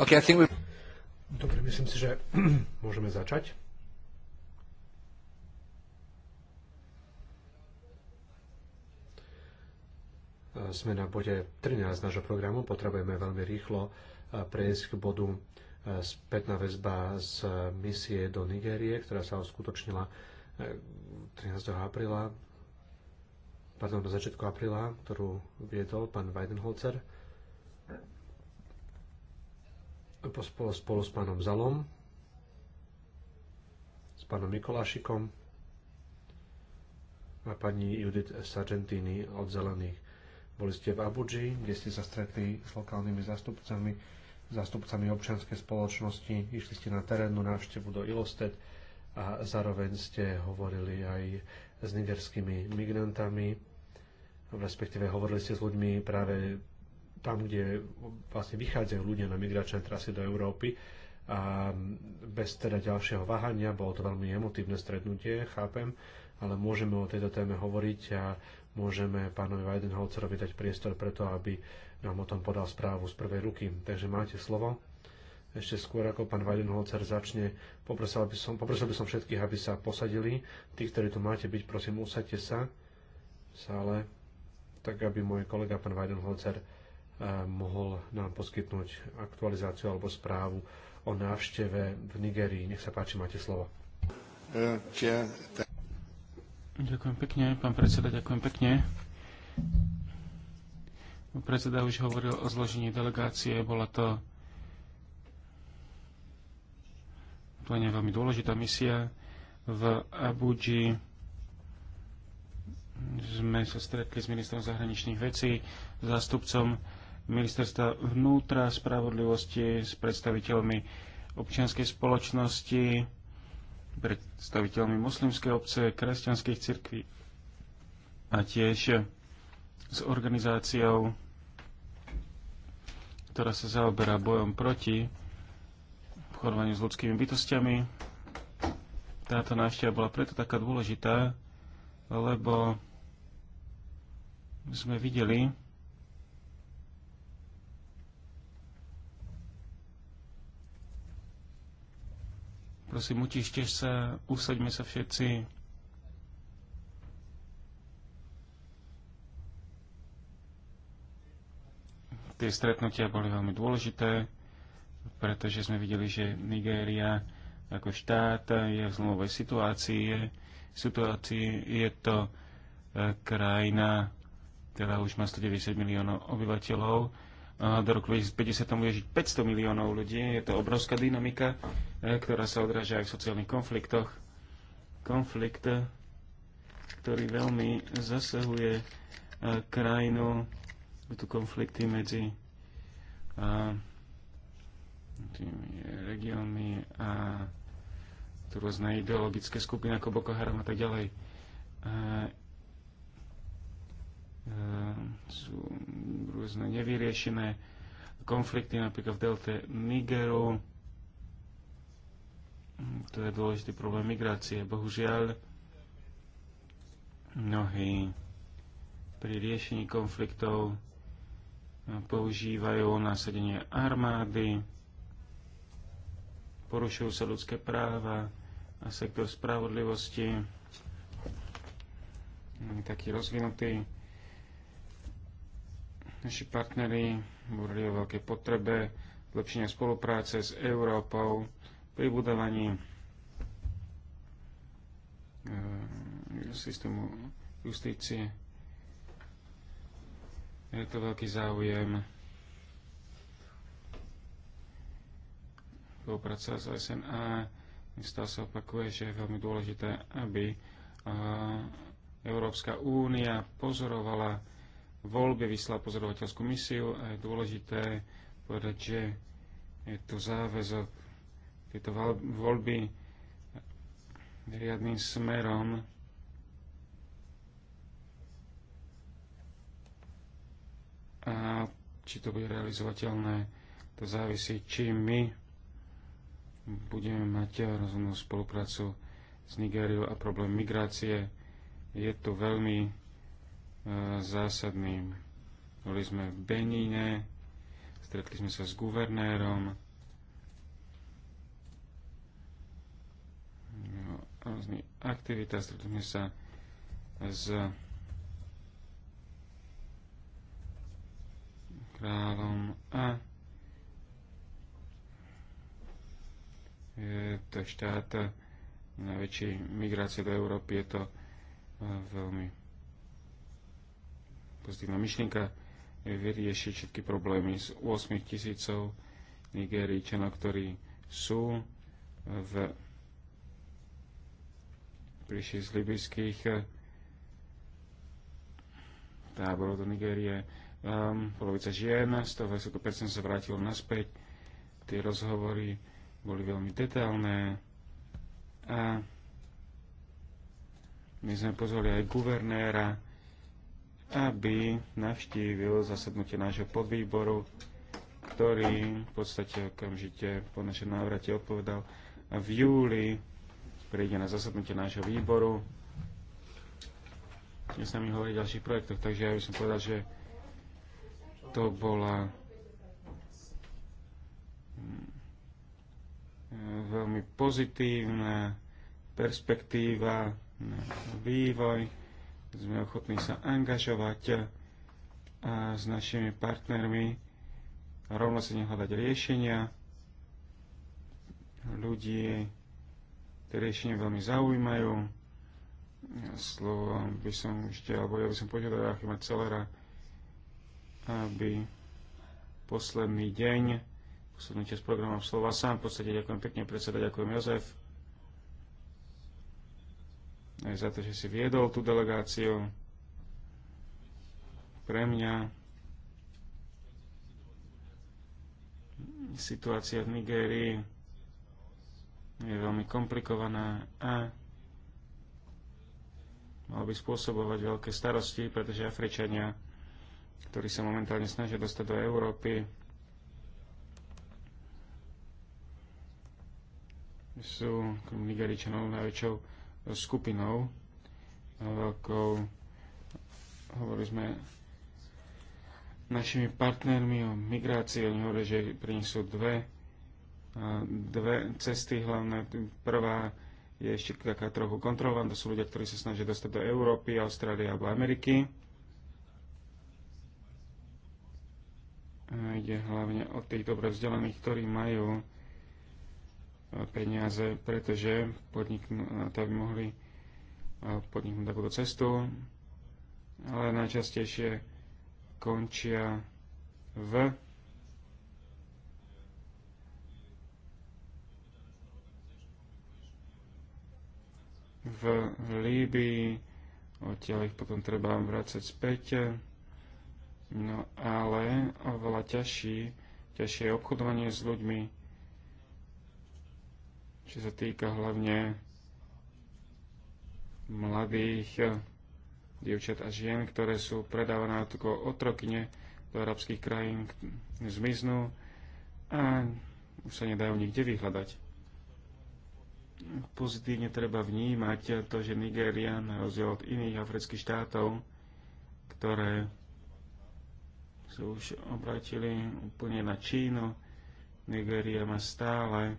Okay, I think we... Dobre, myslím si, že môžeme začať. Sme na bode 13 nášho programu. Potrebujeme veľmi rýchlo prejsť k bodu spätná väzba z misie do Nigérie, ktorá sa uskutočnila 13. apríla, pardon, do začiatku apríla, ktorú viedol pán Weidenholzer spolu, spolu s pánom Zalom, s pánom Mikolášikom a pani Judith Sargentini od Zelených. Boli ste v Abuji, kde ste sa stretli s lokálnymi zástupcami, zástupcami občianskej spoločnosti, išli ste na terénnu návštevu do Ilostet a zároveň ste hovorili aj s nigerskými migrantami, respektíve hovorili ste s ľuďmi práve tam, kde vlastne vychádzajú ľudia na migračné trasy do Európy, a bez teda ďalšieho váhania, bolo to veľmi emotívne stretnutie, chápem, ale môžeme o tejto téme hovoriť a môžeme pánovi Weidenholzerovi dať priestor preto, aby nám o tom podal správu z prvej ruky. Takže máte slovo. Ešte skôr, ako pán Weidenholzer začne, poprosil by som, poprosil by som všetkých, aby sa posadili. Tí, ktorí tu máte byť, prosím, usadte sa v sále, tak aby môj kolega pán Weidenholzer mohol nám poskytnúť aktualizáciu alebo správu o návšteve v Nigerii. Nech sa páči, máte slovo. Ďakujem pekne, pán predseda, ďakujem pekne. Predseda už hovoril o zložení delegácie, bola to plne veľmi dôležitá misia. V Abuji sme sa stretli s ministrom zahraničných vecí, zástupcom ministerstva vnútra, spravodlivosti s predstaviteľmi občianskej spoločnosti, predstaviteľmi moslimskej obce, kresťanských cirkví a tiež s organizáciou, ktorá sa zaoberá bojom proti obchodovaniu s ľudskými bytostiami. Táto návšteva bola preto taká dôležitá, lebo sme videli, prosím, utište sa, usaďme sa všetci. Tie stretnutia boli veľmi dôležité, pretože sme videli, že Nigéria ako štát je v zlomovej situácii. situácii je to e, krajina, ktorá už má 190 miliónov obyvateľov, do roku 2050 tam bude žiť 500 miliónov ľudí. Je to obrovská dynamika, e, ktorá sa odráža aj v sociálnych konfliktoch. Konflikt, e, ktorý veľmi zasahuje e, krajinu. Sú tu konflikty medzi tými regiónmi a tu rôzne ideologické skupiny ako Boko Haram a tak ďalej. Ehm, sú rôzne nevyriešené konflikty, napríklad v delte Nigeru. Ehm, to je dôležitý problém migrácie. Bohužiaľ, mnohí pri riešení konfliktov ehm, používajú násadenie armády, porušujú sa ľudské práva a sektor spravodlivosti taký rozvinutý Naši partneri hovorili o veľkej potrebe zlepšenia spolupráce s Európou pri budovaní eh, systému justície. Je to veľký záujem spolupráca s SNA stále sa opakuje, že je veľmi dôležité, aby eh, Európska únia pozorovala voľbe vyslal pozorovateľskú misiu a je dôležité povedať, že je tu záväzok tieto voľby riadným smerom a či to bude realizovateľné, to závisí, či my budeme mať rozumnú spoluprácu s Nigériou a problém migrácie je tu veľmi Eh, zásadným. Boli sme v Beníne, stretli sme sa s guvernérom, no, rôznych aktivita, stretli sme sa s kráľom a je to štát najväčšej migrácie do Európy, je to eh, veľmi pozitívna myšlienka vyriešiť všetky problémy z 8 tisícov Nigeričanov, ktorí sú v prišli z libyských eh, táborov do Nigérie. Um, polovica žien, z toho percent sa vrátilo naspäť. Tie rozhovory boli veľmi detailné a my sme pozvali aj guvernéra aby navštívil zasadnutie nášho podvýboru, ktorý v podstate okamžite po našom návrate odpovedal a v júli príde na zasadnutie nášho výboru. Dnes sa mi hovorí o ďalších projektoch, takže ja by som povedal, že to bola mm, veľmi pozitívna perspektíva na vývoj sme ochotní sa angažovať eh, a s našimi partnermi rovno sa nehľadať riešenia. Ľudí tie riešenia veľmi zaujímajú. Slovo by som ešte, alebo ja by som požiadal Achima Celera, aby posledný deň, poslednú časť programu slova sám. V podstate ďakujem pekne predseda, ďakujem Jozef aj za to, že si viedol tú delegáciu. Pre mňa situácia v Nigérii je veľmi komplikovaná a mal by spôsobovať veľké starosti, pretože Afričania, ktorí sa momentálne snažia dostať do Európy, sú Nigeričanov najväčšou skupinou veľkou. Hovorili sme našimi partnermi o migrácii. Oni hovorili, že pri nich sú dve, dve cesty hlavné. Prvá je ešte taká trochu kontrolovaná. To sú ľudia, ktorí sa snažia dostať do Európy, Austrálie alebo Ameriky. Ide hlavne o tých dobre vzdelaných, ktorí majú peniaze, pretože podniknú, to by mohli podniknúť takúto cestu, ale najčastejšie končia v v Líbii, odtiaľ ich potom treba vrácať späť. No ale oveľa ťažší, ťažšie je obchodovanie s ľuďmi, čo sa týka hlavne mladých dievčat a žien, ktoré sú predávané ako otrokyne do arabských krajín, zmiznú a už sa nedajú nikde vyhľadať. Pozitívne treba vnímať to, že Nigéria na rozdiel od iných afrických štátov, ktoré sa už obratili úplne na Čínu, Nigéria má stále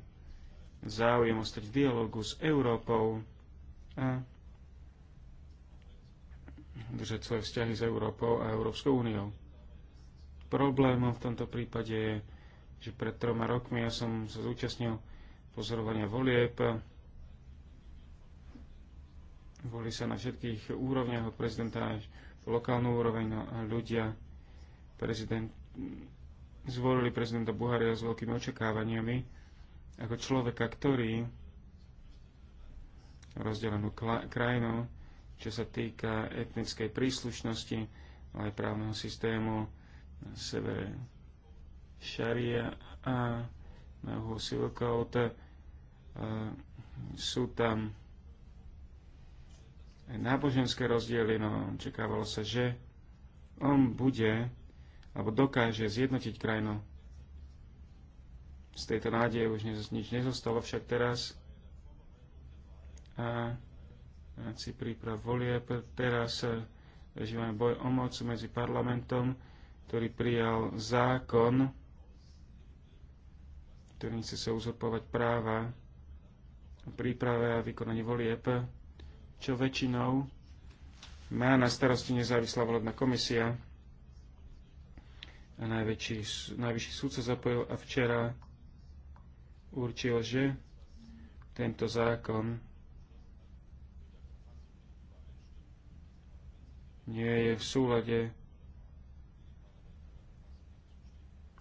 záujem ostať v dialogu s Európou a držať svoje vzťahy s Európou a Európskou úniou. Problémom v tomto prípade je, že pred troma rokmi ja som sa zúčastnil pozorovania volieb. Volí sa na všetkých úrovniach od prezidenta až po lokálnu úroveň no a ľudia prezident, zvolili prezidenta Buharia s veľkými očakávaniami ako človeka, ktorý rozdelenú krajinu, čo sa týka etnickej príslušnosti, ale aj právneho systému na severe Šaria a na uhu Silkaut. E, sú tam náboženské rozdiely, no čakávalo sa, že on bude alebo dokáže zjednotiť krajinu z tejto nádeje už nič nezostalo, však teraz a si príprav volie, Teraz zažívame e, boj o moc medzi parlamentom, ktorý prijal zákon, ktorý chce sa uzurpovať práva v príprave a vykonanie volieb, čo väčšinou má na starosti nezávislá volebná komisia. A najväčší, najvyšší súd sa zapojil a včera určil, že tento zákon nie je v súlade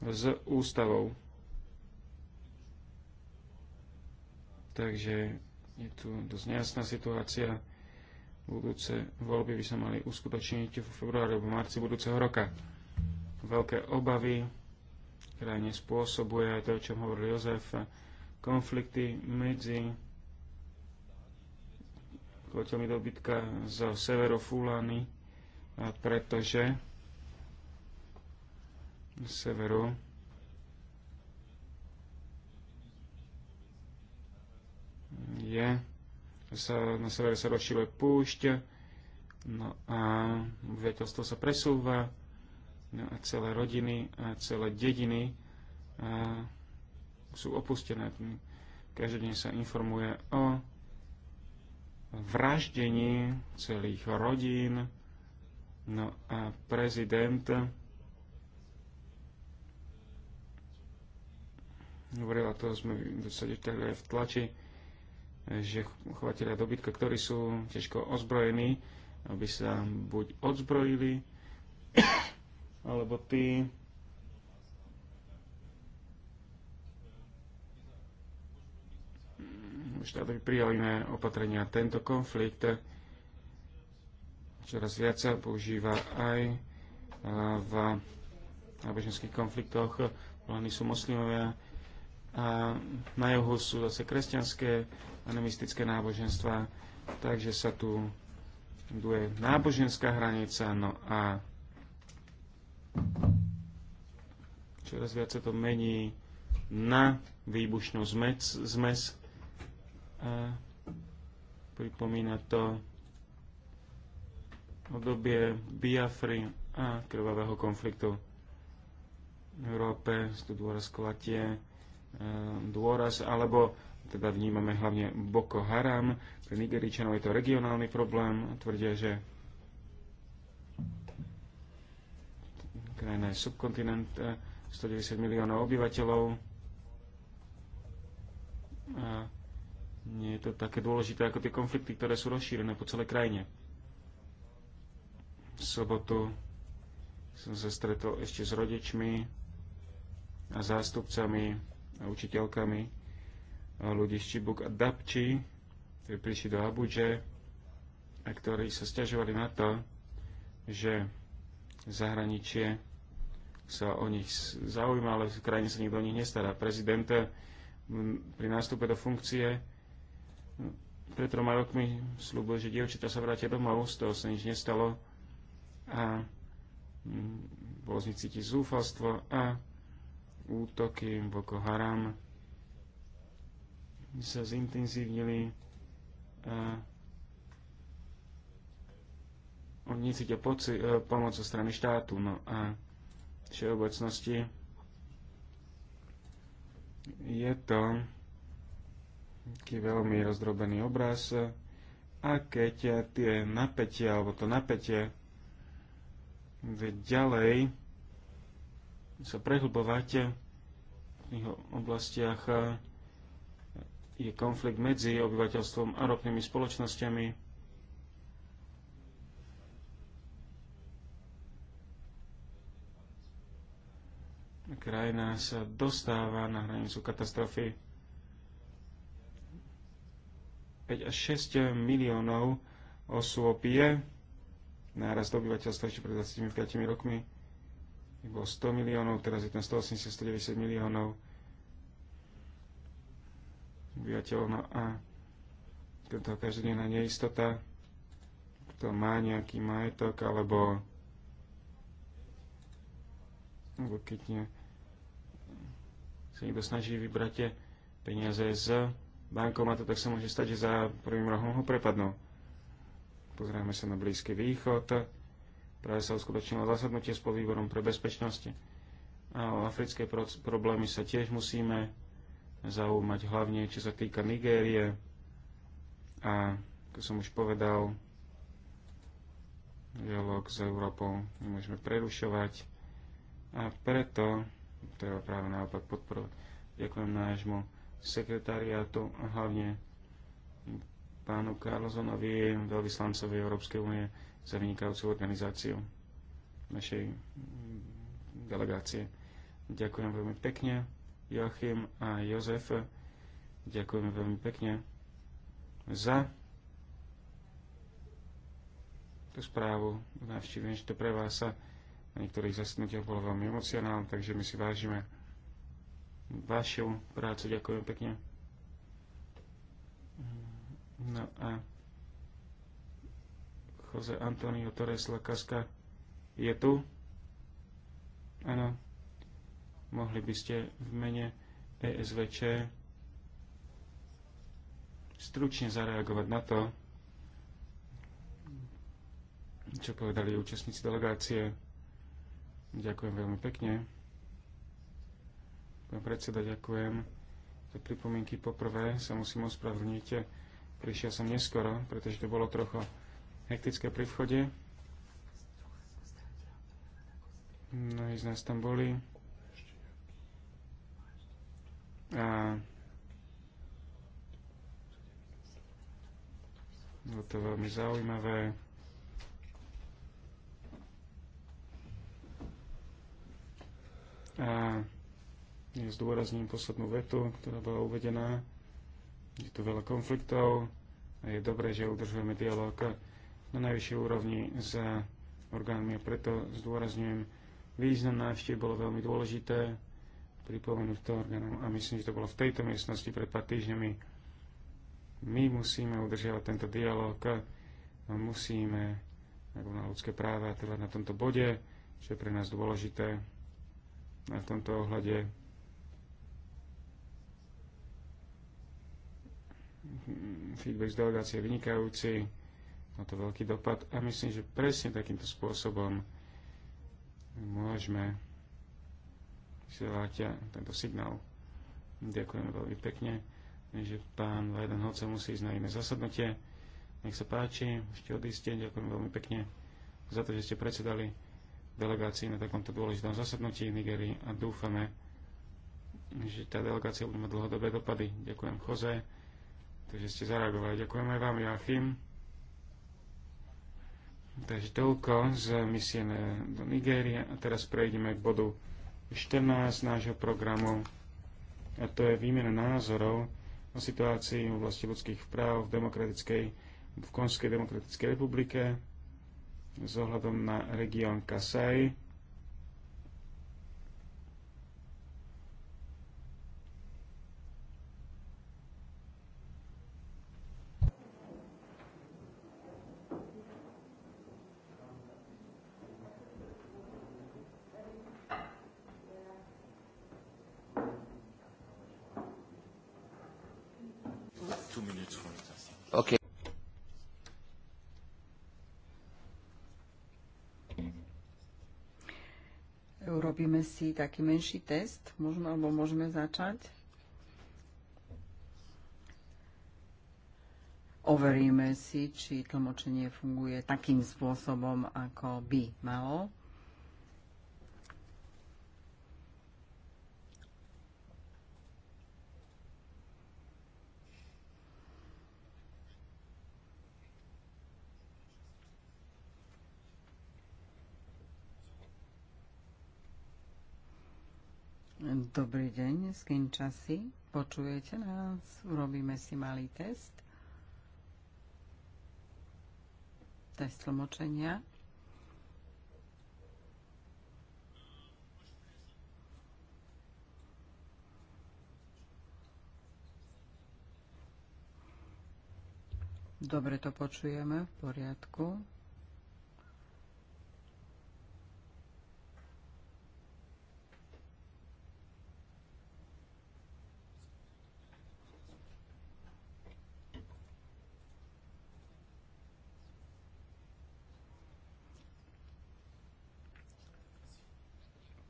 s ústavou. Takže je tu dosť nejasná situácia. Budúce voľby by sa mali uskutočniť v februári alebo marci budúceho roka. Veľké obavy krajine spôsobuje aj to, o čom hovoril Jozef, konflikty medzi koťami dobytka severo fulany, pretože severu je sa, na severe sa rozširuje púšť no a obyvateľstvo sa presúva No celé rodiny a celé dediny sú opustené. Každý deň sa informuje o vraždení celých rodín. No a prezident hovorila, to sme dosaditeľe v tlači, že chovateľia dobytka, ktorí sú ťažko ozbrojení, aby sa buď odzbrojili, alebo ty hm, štáty prijali iné opatrenia. Tento konflikt čoraz viac sa používa aj v náboženských konfliktoch. Hlavní sú moslimovia a na juhu sú zase kresťanské animistické náboženstva, takže sa tu duje náboženská hranica, no a Čoraz viac sa to mení na výbušnú zmes. zmes. A pripomína to obdobie Biafry a krvavého konfliktu. V Európe tu dôraz klatie, e, dôraz, alebo teda vnímame hlavne Boko Haram. Pre Nigeričanov je to regionálny problém. Tvrdia, že krajina je subkontinent, 190 e, miliónov obyvateľov. A nie je to také dôležité ako tie konflikty, ktoré sú rozšírené po celej krajine. V sobotu som sa stretol ešte s rodičmi a zástupcami a učiteľkami a ľudí z Čibuk a Dabči, ktorí prišli do Abuže a ktorí sa stiažovali na to, že zahraničie sa o nich zaujíma, ale v krajine sa nikto o nich nestará. Prezident eh, pri nástupe do funkcie pred troma rokmi slúbil, že dievčatá sa vrátia domov, z toho sa nič nestalo a bolo z nich cítiť zúfalstvo a útoky Boko Haram sa zintenzívnili a oni cítia eh, pomoc zo strany štátu. No a všeobecnosti je to taký veľmi rozdrobený obraz a keď tie napätie alebo to napätie ďalej sa prehlbovať v tých oblastiach je konflikt medzi obyvateľstvom a ropnými spoločnosťami krajina sa dostáva na hranicu katastrofy. 5 až 6 miliónov osôb je nárast obyvateľstva ešte pred 25 rokmi. Bolo 100 miliónov, teraz je tam 180-190 miliónov obyvateľov. No a to každodenná neistota, kto má nejaký majetok alebo, alebo keď nie, sa niekto snaží vybrať peniaze z bankomatu, tak sa môže stať, že za prvým rohom ho prepadnú. Pozrieme sa na Blízky východ. Práve sa uskutočnilo zasadnutie s výborom pre bezpečnosť. A o africké problémy sa tiež musíme zaujímať, hlavne čo sa týka Nigérie. A ako som už povedal, dialog s Európou nemôžeme prerušovať. A preto treba práve naopak podporovať. Ďakujem nášmu sekretariátu a hlavne pánu Carlsonovi, veľvyslancovi Európskej únie za vynikajúcu organizáciu našej delegácie. Ďakujem veľmi pekne Joachim a Jozef. Ďakujem veľmi pekne za tú správu. Navštívim, že to pre vás sa na niektorých zasadnutiach bolo veľmi emocionálne, takže my si vážime vašu prácu. Ďakujem pekne. No a Jose Antonio Torres Lakaska je tu. Áno. Mohli by ste v mene ESVČ stručne zareagovať na to, čo povedali účastníci delegácie. Ďakujem veľmi pekne. Pán predseda, ďakujem za pripomienky. Poprvé sa musím ospravedlniť. Prišiel som neskoro, pretože to bolo trochu hektické pri vchode. Mnohí z nás tam boli. A bolo to veľmi zaujímavé. A ja zdôrazním poslednú vetu, ktorá bola uvedená. Je tu veľa konfliktov a je dobré, že udržujeme dialog na najvyššej úrovni s orgánmi a preto zdôrazňujem význam návštev bolo veľmi dôležité pripomenúť to orgánom a myslím, že to bolo v tejto miestnosti pred pár týždňami. My musíme udržiavať tento dialog, musíme ako na ľudské práva, teda na tomto bode, čo je pre nás dôležité, a v tomto ohľade feedback z delegácie je vynikajúci, má to veľký dopad a myslím, že presne takýmto spôsobom môžeme vysielať tento signál. Ďakujeme veľmi pekne, že pán Vajdenhoce musí ísť na iné zasadnutie. Nech sa páči, ešte odíste, ďakujem veľmi pekne za to, že ste predsedali delegácií na takomto dôležitom zasadnutí v Nigerii a dúfame, že tá delegácia bude mať dlhodobé dopady. Ďakujem Jose, takže ste zareagovali. Ďakujem aj vám, Joachim. Takže toľko z misie do Nigérie a teraz prejdeme k bodu 14 nášho programu a to je výmena názorov o situácii v oblasti ľudských práv v, demokratickej, v Konskej demokratickej republike s ohľadom na región Kasaj. Okay. urobíme si taký menší test, možno, alebo môžeme začať. Overíme si, či tlmočenie funguje takým spôsobom, ako by malo. Dobrý deň, z Kinčasy. Počujete nás? Urobíme si malý test. Test tlmočenia. Dobre to počujeme, v poriadku.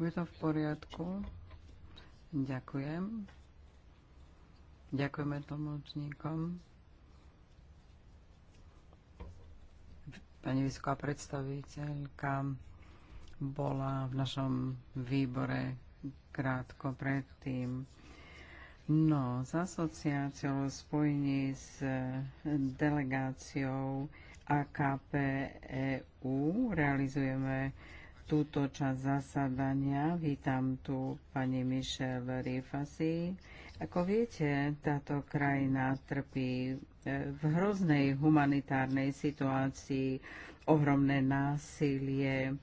Je to v poriadku. Ďakujem. Ďakujeme tlmočníkom. Pani vysoká predstaviteľka bola v našom výbore krátko predtým. No, s asociáciou spojení s delegáciou AKP EU realizujeme túto časť zasadania. Vítam tu pani Michelle Rifasi. Ako viete, táto krajina trpí e, v hroznej humanitárnej situácii ohromné násilie,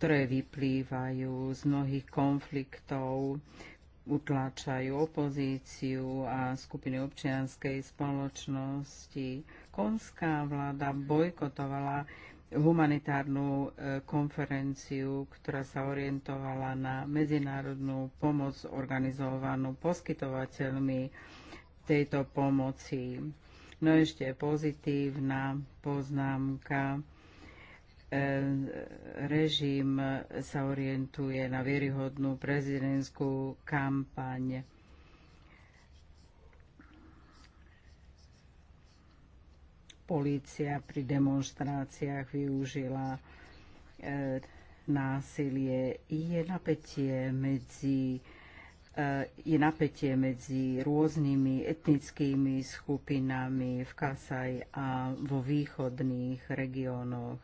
ktoré vyplývajú z mnohých konfliktov, utláčajú opozíciu a skupiny občianskej spoločnosti. Konská vláda bojkotovala humanitárnu e, konferenciu, ktorá sa orientovala na medzinárodnú pomoc organizovanú poskytovateľmi tejto pomoci. No ešte pozitívna poznámka. E, režim sa orientuje na vieryhodnú prezidentskú kampaň polícia pri demonstráciách využila e, násilie. Je napätie medzi e, je napätie medzi rôznymi etnickými skupinami v Kasaj a vo východných regiónoch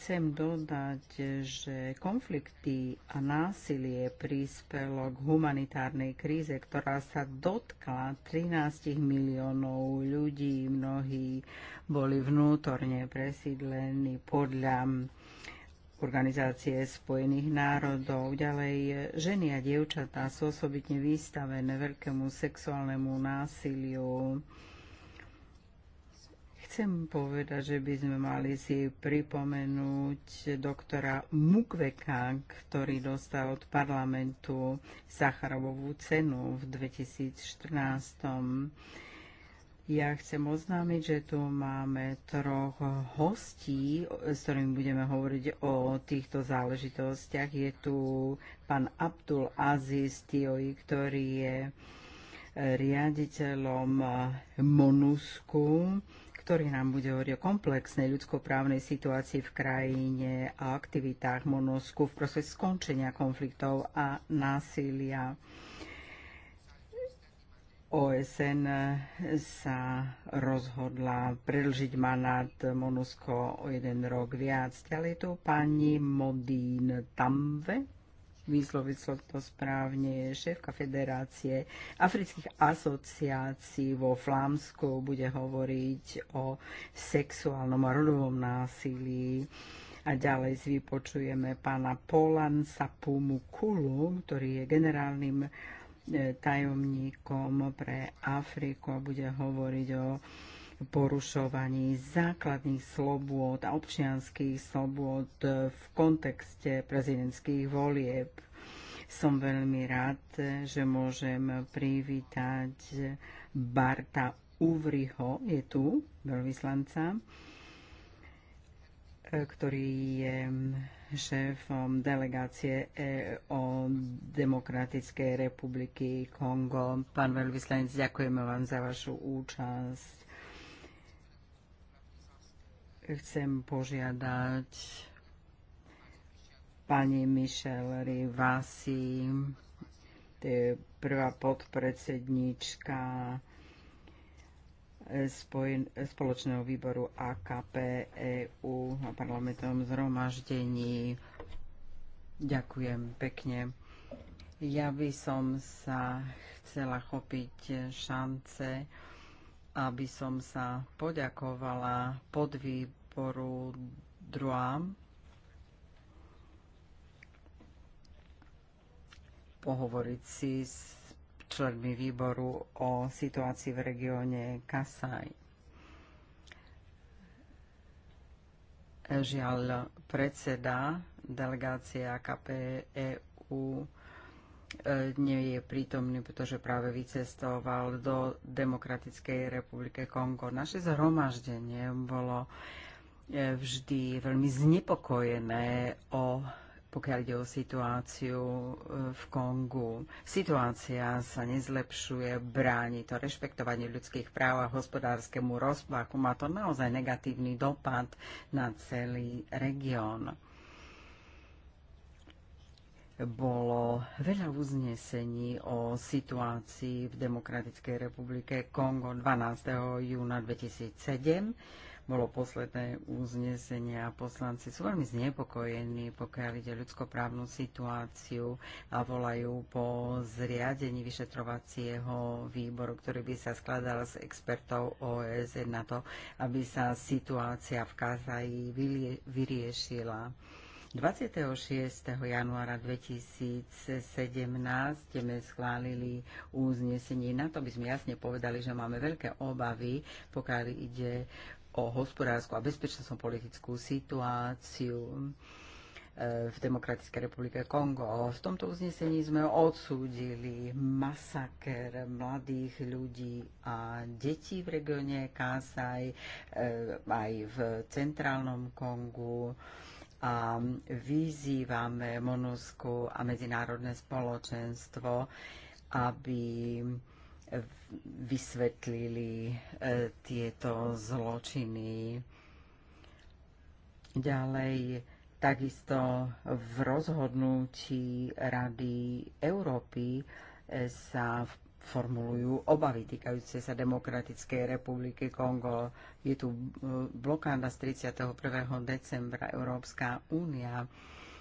Chcem dodať, že konflikty a násilie prispelo k humanitárnej kríze, ktorá sa dotkla 13 miliónov ľudí. Mnohí boli vnútorne presídlení podľa Organizácie spojených národov. Ďalej, ženy a dievčatá sú osobitne vystavené veľkému sexuálnemu násiliu Chcem povedať, že by sme mali si pripomenúť doktora Mukveka, ktorý dostal od parlamentu Sacharovovú cenu v 2014. Ja chcem oznámiť, že tu máme troch hostí, s ktorými budeme hovoriť o týchto záležitostiach. Je tu pán Abdul Aziz Tioi, ktorý je riaditeľom MONUSKU, ktorý nám bude hovoriť o komplexnej ľudskoprávnej situácii v krajine a aktivitách Monosku v proces skončenia konfliktov a násilia. OSN sa rozhodla predlžiť manát Monusko o jeden rok viac. Ďalej tu pani Modín Tamve vysloviť to správne, šéfka Federácie afrických asociácií vo Flámsku bude hovoriť o sexuálnom a rodovom násilí. A ďalej si vypočujeme pána Polan Sapumu Kulu, ktorý je generálnym e, tajomníkom pre Afriku a bude hovoriť o porušovaní základných slobôd a občianských slobôd v kontexte prezidentských volieb. Som veľmi rád, že môžem privítať Barta Uvriho, je tu, veľvyslanca, ktorý je šéfom delegácie e o Demokratickej republiky Kongo. Pán veľvyslanec, ďakujeme vám za vašu účasť. Chcem požiadať pani Michelle Rivasi, to je prvá podpredsedníčka spoločného výboru AKP EU na parlamentnom zhromaždení. Ďakujem pekne. Ja by som sa chcela chopiť šance, aby som sa poďakovala podvý, podporu druhám, pohovoriť si s členmi výboru o situácii v regióne Kasaj. Žiaľ, predseda delegácie AKP EU e, nie je prítomný, pretože práve vycestoval do Demokratickej republike Kongo. Naše zhromaždenie bolo uh, E, vždy veľmi znepokojené o pokiaľ ide o situáciu e, v Kongu. Situácia sa nezlepšuje, bráni to rešpektovanie ľudských práv a hospodárskému rozplaku. Má to naozaj negatívny dopad na celý región. Bolo veľa uznesení o situácii v Demokratickej republike Kongo 12. júna 2007 bolo posledné uznesenie a poslanci sú veľmi znepokojení, pokiaľ ide ľudskoprávnu situáciu a volajú po zriadení vyšetrovacieho výboru, ktorý by sa skladal z expertov OSN na to, aby sa situácia v Kazaji vyriešila. 26. januára 2017 sme schválili uznesenie. Na to by sme jasne povedali, že máme veľké obavy, pokiaľ ide o hospodárskú a bezpečnostnú politickú situáciu e, v Demokratickej republike Kongo. V tomto uznesení sme odsúdili masaker mladých ľudí a detí v regióne Kásaj, e, aj v centrálnom Kongu a vyzývame MONUSKU a medzinárodné spoločenstvo, aby vysvetlili e, tieto zločiny. Ďalej, takisto v rozhodnutí Rady Európy e, sa formulujú obavy týkajúce sa Demokratickej republiky Kongo. Je tu e, blokáda z 31. decembra. Európska únia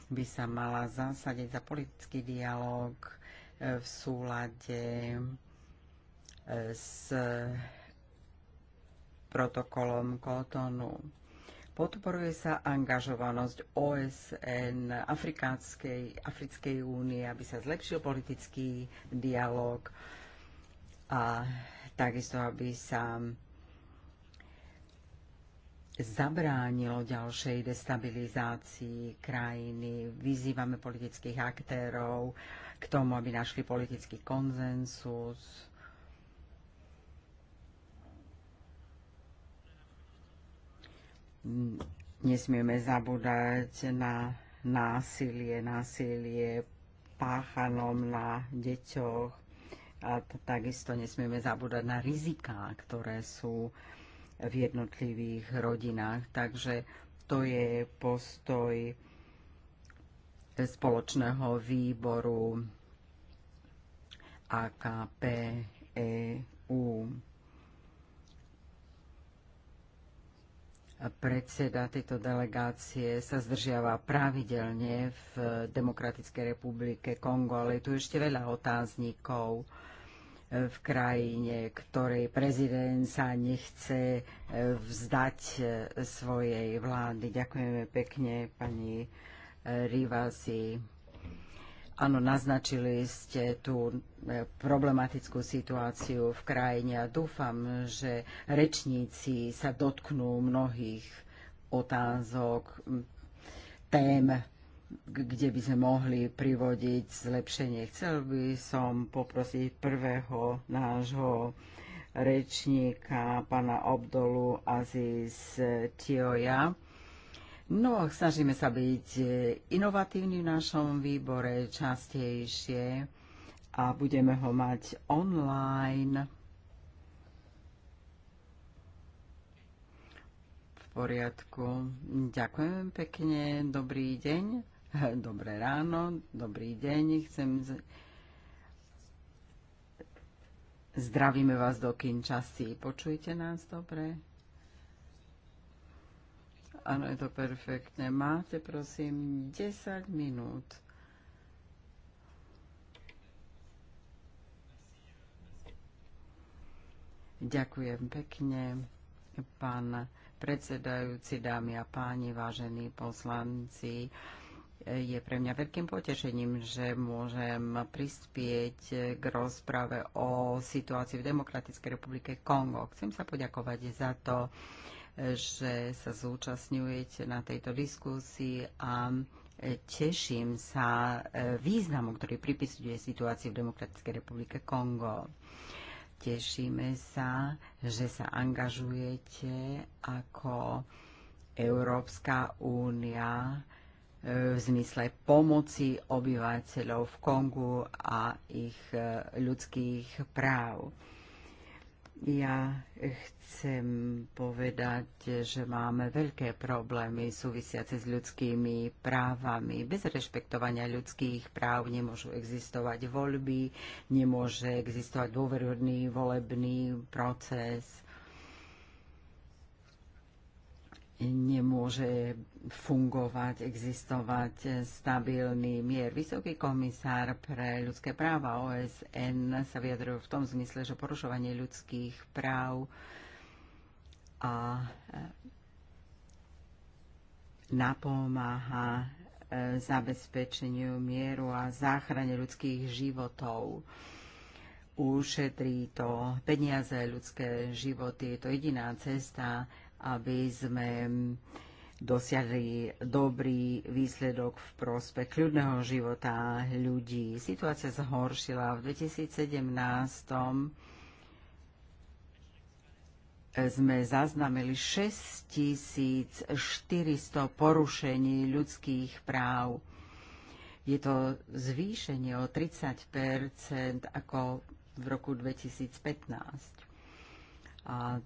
by sa mala zasadiť za politický dialog v súlade s protokolom Kotonu. Podporuje sa angažovanosť OSN, Afrikánskej, Africkej únie, aby sa zlepšil politický dialog a takisto, aby sa zabránilo ďalšej destabilizácii krajiny. Vyzývame politických aktérov k tomu, aby našli politický konzensus Nesmieme zabúdať na násilie, násilie páchanom na deťoch a takisto nesmieme zabúdať na riziká, ktoré sú v jednotlivých rodinách. Takže to je postoj spoločného výboru AKP EU. predseda tejto delegácie sa zdržiava pravidelne v Demokratickej republike Kongo, ale je tu ešte veľa otáznikov eh, v krajine, ktorej prezident sa nechce eh, vzdať eh, svojej vlády. Ďakujeme pekne pani Rivasi. Áno, naznačili ste tú e, problematickú situáciu v krajine a dúfam, že rečníci sa dotknú mnohých otázok, tém, kde by sme mohli privodiť zlepšenie. Chcel by som poprosiť prvého nášho rečníka, pána Obdolu Aziz Tioja No, snažíme sa byť e, inovatívni v našom výbore častejšie a budeme ho mať online. V poriadku. Ďakujem pekne. Dobrý deň. Dobré ráno. Dobrý deň. Chcem z... Zdravíme vás do časí, počujte nás dobre? Áno, je to perfektné. Máte, prosím, 10 minút. Ďakujem pekne, pán predsedajúci, dámy a páni, vážení poslanci. Je pre mňa veľkým potešením, že môžem prispieť k rozprave o situácii v Demokratickej republike Kongo. Chcem sa poďakovať za to, že sa zúčastňujete na tejto diskusii a teším sa e, významu, ktorý pripisuje situácii v Demokratickej republike Kongo. Tešíme sa, že sa angažujete ako Európska únia e, v zmysle pomoci obyvateľov v Kongu a ich e, ľudských práv ja chcem povedať, že máme veľké problémy súvisiace s ľudskými právami. Bez rešpektovania ľudských práv nemôžu existovať voľby, nemôže existovať dôverodný volebný proces nemôže fungovať, existovať stabilný mier. Vysoký komisár pre ľudské práva OSN sa vyjadril v tom zmysle, že porušovanie ľudských práv a e, napomáha e, zabezpečeniu mieru a záchrane ľudských životov ušetrí to peniaze, ľudské životy. Je to jediná cesta, aby sme dosiahli dobrý výsledok v prospech ľudného života ľudí. Situácia zhoršila v 2017 sme zaznamenali 6400 porušení ľudských práv. Je to zvýšenie o 30 ako v roku 2015. A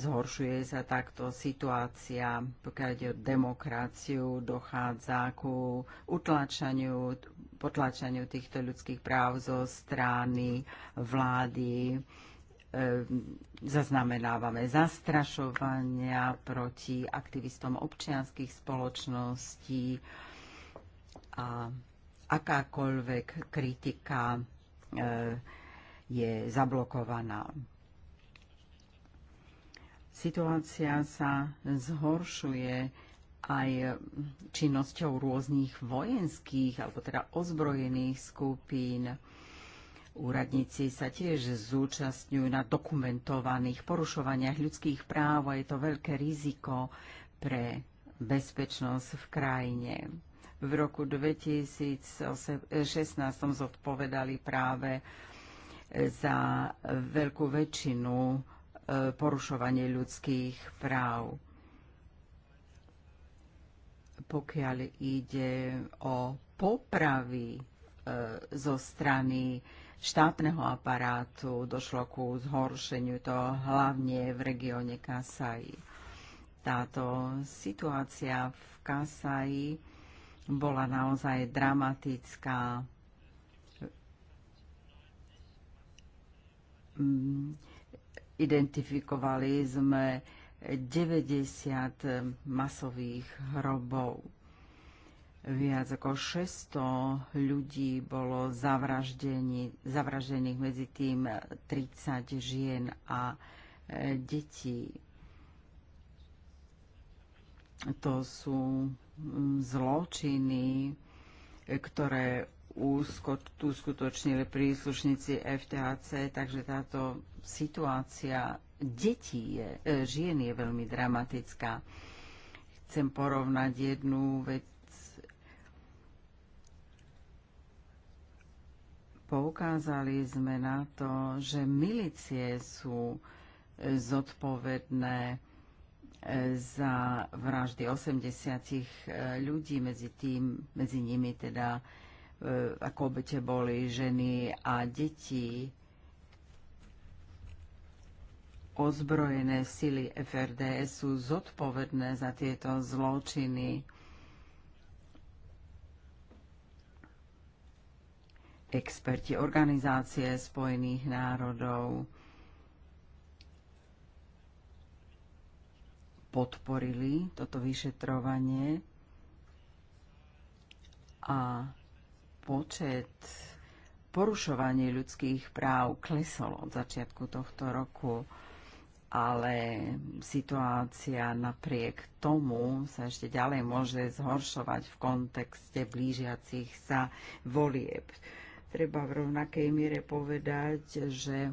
Zhoršuje sa takto situácia, pokiaľ ide o demokraciu, dochádza ku utlačaniu, potlačaniu týchto ľudských práv zo strany vlády. E, zaznamenávame zastrašovania proti aktivistom občianských spoločností a akákoľvek kritika e, je zablokovaná. Situácia sa zhoršuje aj činnosťou rôznych vojenských alebo teda ozbrojených skupín. Úradníci sa tiež zúčastňujú na dokumentovaných porušovaniach ľudských práv a je to veľké riziko pre bezpečnosť v krajine. V roku 2016 som zodpovedali práve za veľkú väčšinu porušovanie ľudských práv. Pokiaľ ide o popravy e, zo strany štátneho aparátu došlo ku zhoršeniu, to hlavne v regióne Kasai. Táto situácia v Kasaji bola naozaj dramatická. Mm Identifikovali sme 90 masových hrobov. Viac ako 600 ľudí bolo zavraždených, medzi tým 30 žien a e, detí. To sú zločiny, e, ktoré uskutočnili príslušníci FTHC, takže táto situácia detí je, e, žien je veľmi dramatická. Chcem porovnať jednu vec. Poukázali sme na to, že milície sú e, zodpovedné e, za vraždy 80 ľudí, medzi, tým, medzi nimi teda E, ako obete boli ženy a deti. Ozbrojené sily FRD sú zodpovedné za tieto zločiny. Experti Organizácie spojených národov podporili toto vyšetrovanie a počet porušovaní ľudských práv klesol od začiatku tohto roku, ale situácia napriek tomu sa ešte ďalej môže zhoršovať v kontexte blížiacich sa volieb. Treba v rovnakej miere povedať, že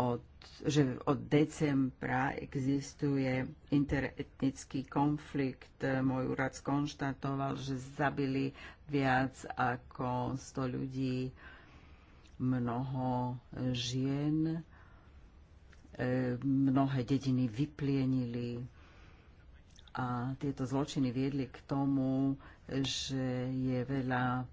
od, že od decembra existuje interetnický konflikt. Môj úrad skonštatoval, že zabili viac ako 100 ľudí, mnoho žien, e, mnohé dediny vyplienili a tieto zločiny viedli k tomu, že je veľa e,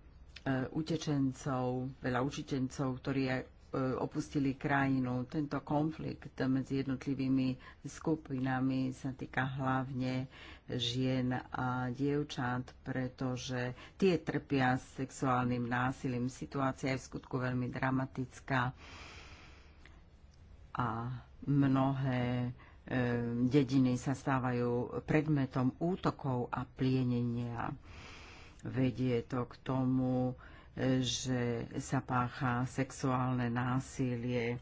utečencov, veľa učitencov, ktorí E, opustili krajinu. Tento konflikt medzi jednotlivými skupinami sa týka hlavne žien a dievčat, pretože tie trpia sexuálnym násilím. Situácia je v skutku veľmi dramatická a mnohé e, dediny sa stávajú predmetom útokov a plienenia. Vedie to k tomu, že sa páchá sexuálne násilie.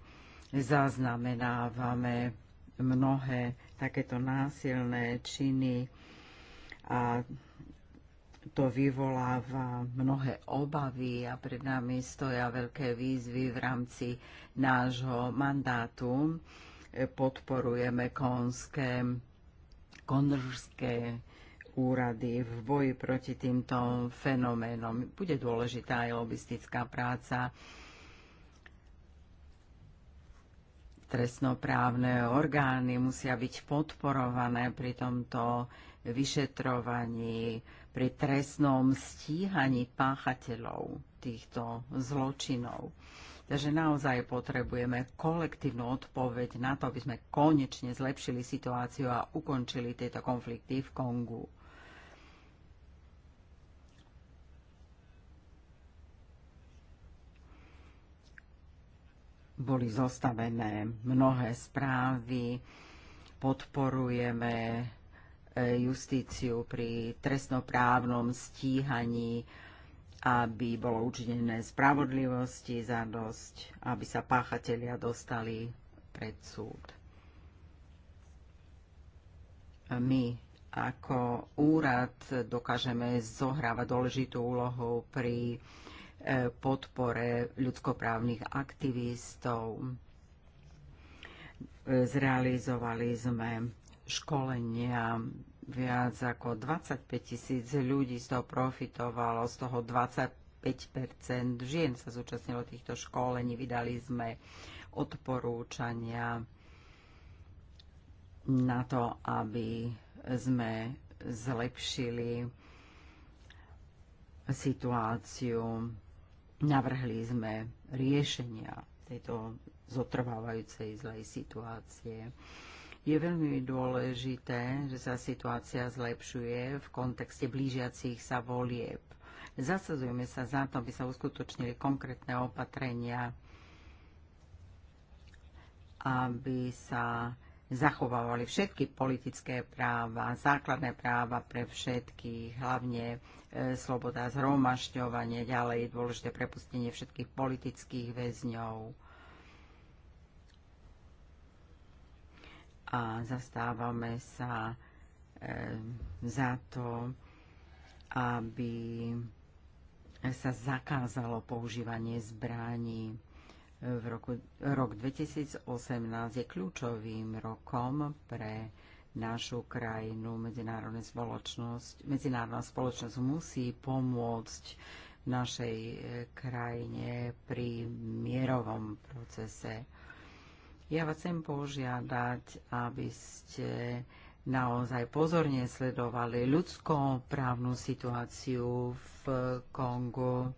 Zaznamenávame mnohé takéto násilné činy a to vyvoláva mnohé obavy a pred nami stoja veľké výzvy v rámci nášho mandátu. Podporujeme konské, konržské úrady v boji proti týmto fenoménom. Bude dôležitá aj lobistická práca trestnoprávne orgány musia byť podporované pri tomto vyšetrovaní, pri trestnom stíhaní páchateľov týchto zločinov. Takže naozaj potrebujeme kolektívnu odpoveď na to, aby sme konečne zlepšili situáciu a ukončili tieto konflikty v Kongu. boli zostavené mnohé správy, podporujeme e, justíciu pri trestnoprávnom stíhaní, aby bolo učinené spravodlivosti za dosť, aby sa páchatelia dostali pred súd. My ako úrad dokážeme zohrávať dôležitú úlohu pri podpore ľudskoprávnych aktivistov. Zrealizovali sme školenia viac ako 25 tisíc ľudí z toho profitovalo, z toho 25 žien sa zúčastnilo týchto školení. Vydali sme odporúčania na to, aby sme zlepšili situáciu Navrhli sme riešenia tejto zotrvávajúcej zlej situácie. Je veľmi dôležité, že sa situácia zlepšuje v kontexte blížiacich sa volieb. Zasadzujeme sa za to, aby sa uskutočnili konkrétne opatrenia, aby sa zachovávali všetky politické práva, základné práva pre všetkých, hlavne e, sloboda zhromažďovanie, ďalej je dôležité prepustenie všetkých politických väzňov. A zastávame sa e, za to, aby sa zakázalo používanie zbraní v roku, rok 2018 je kľúčovým rokom pre našu krajinu. Medzinárodná spoločnosť, medzinárodná spoločnosť musí pomôcť našej eh, krajine pri mierovom procese. Ja vás chcem požiadať, aby ste naozaj pozorne sledovali ľudskoprávnu situáciu v Kongu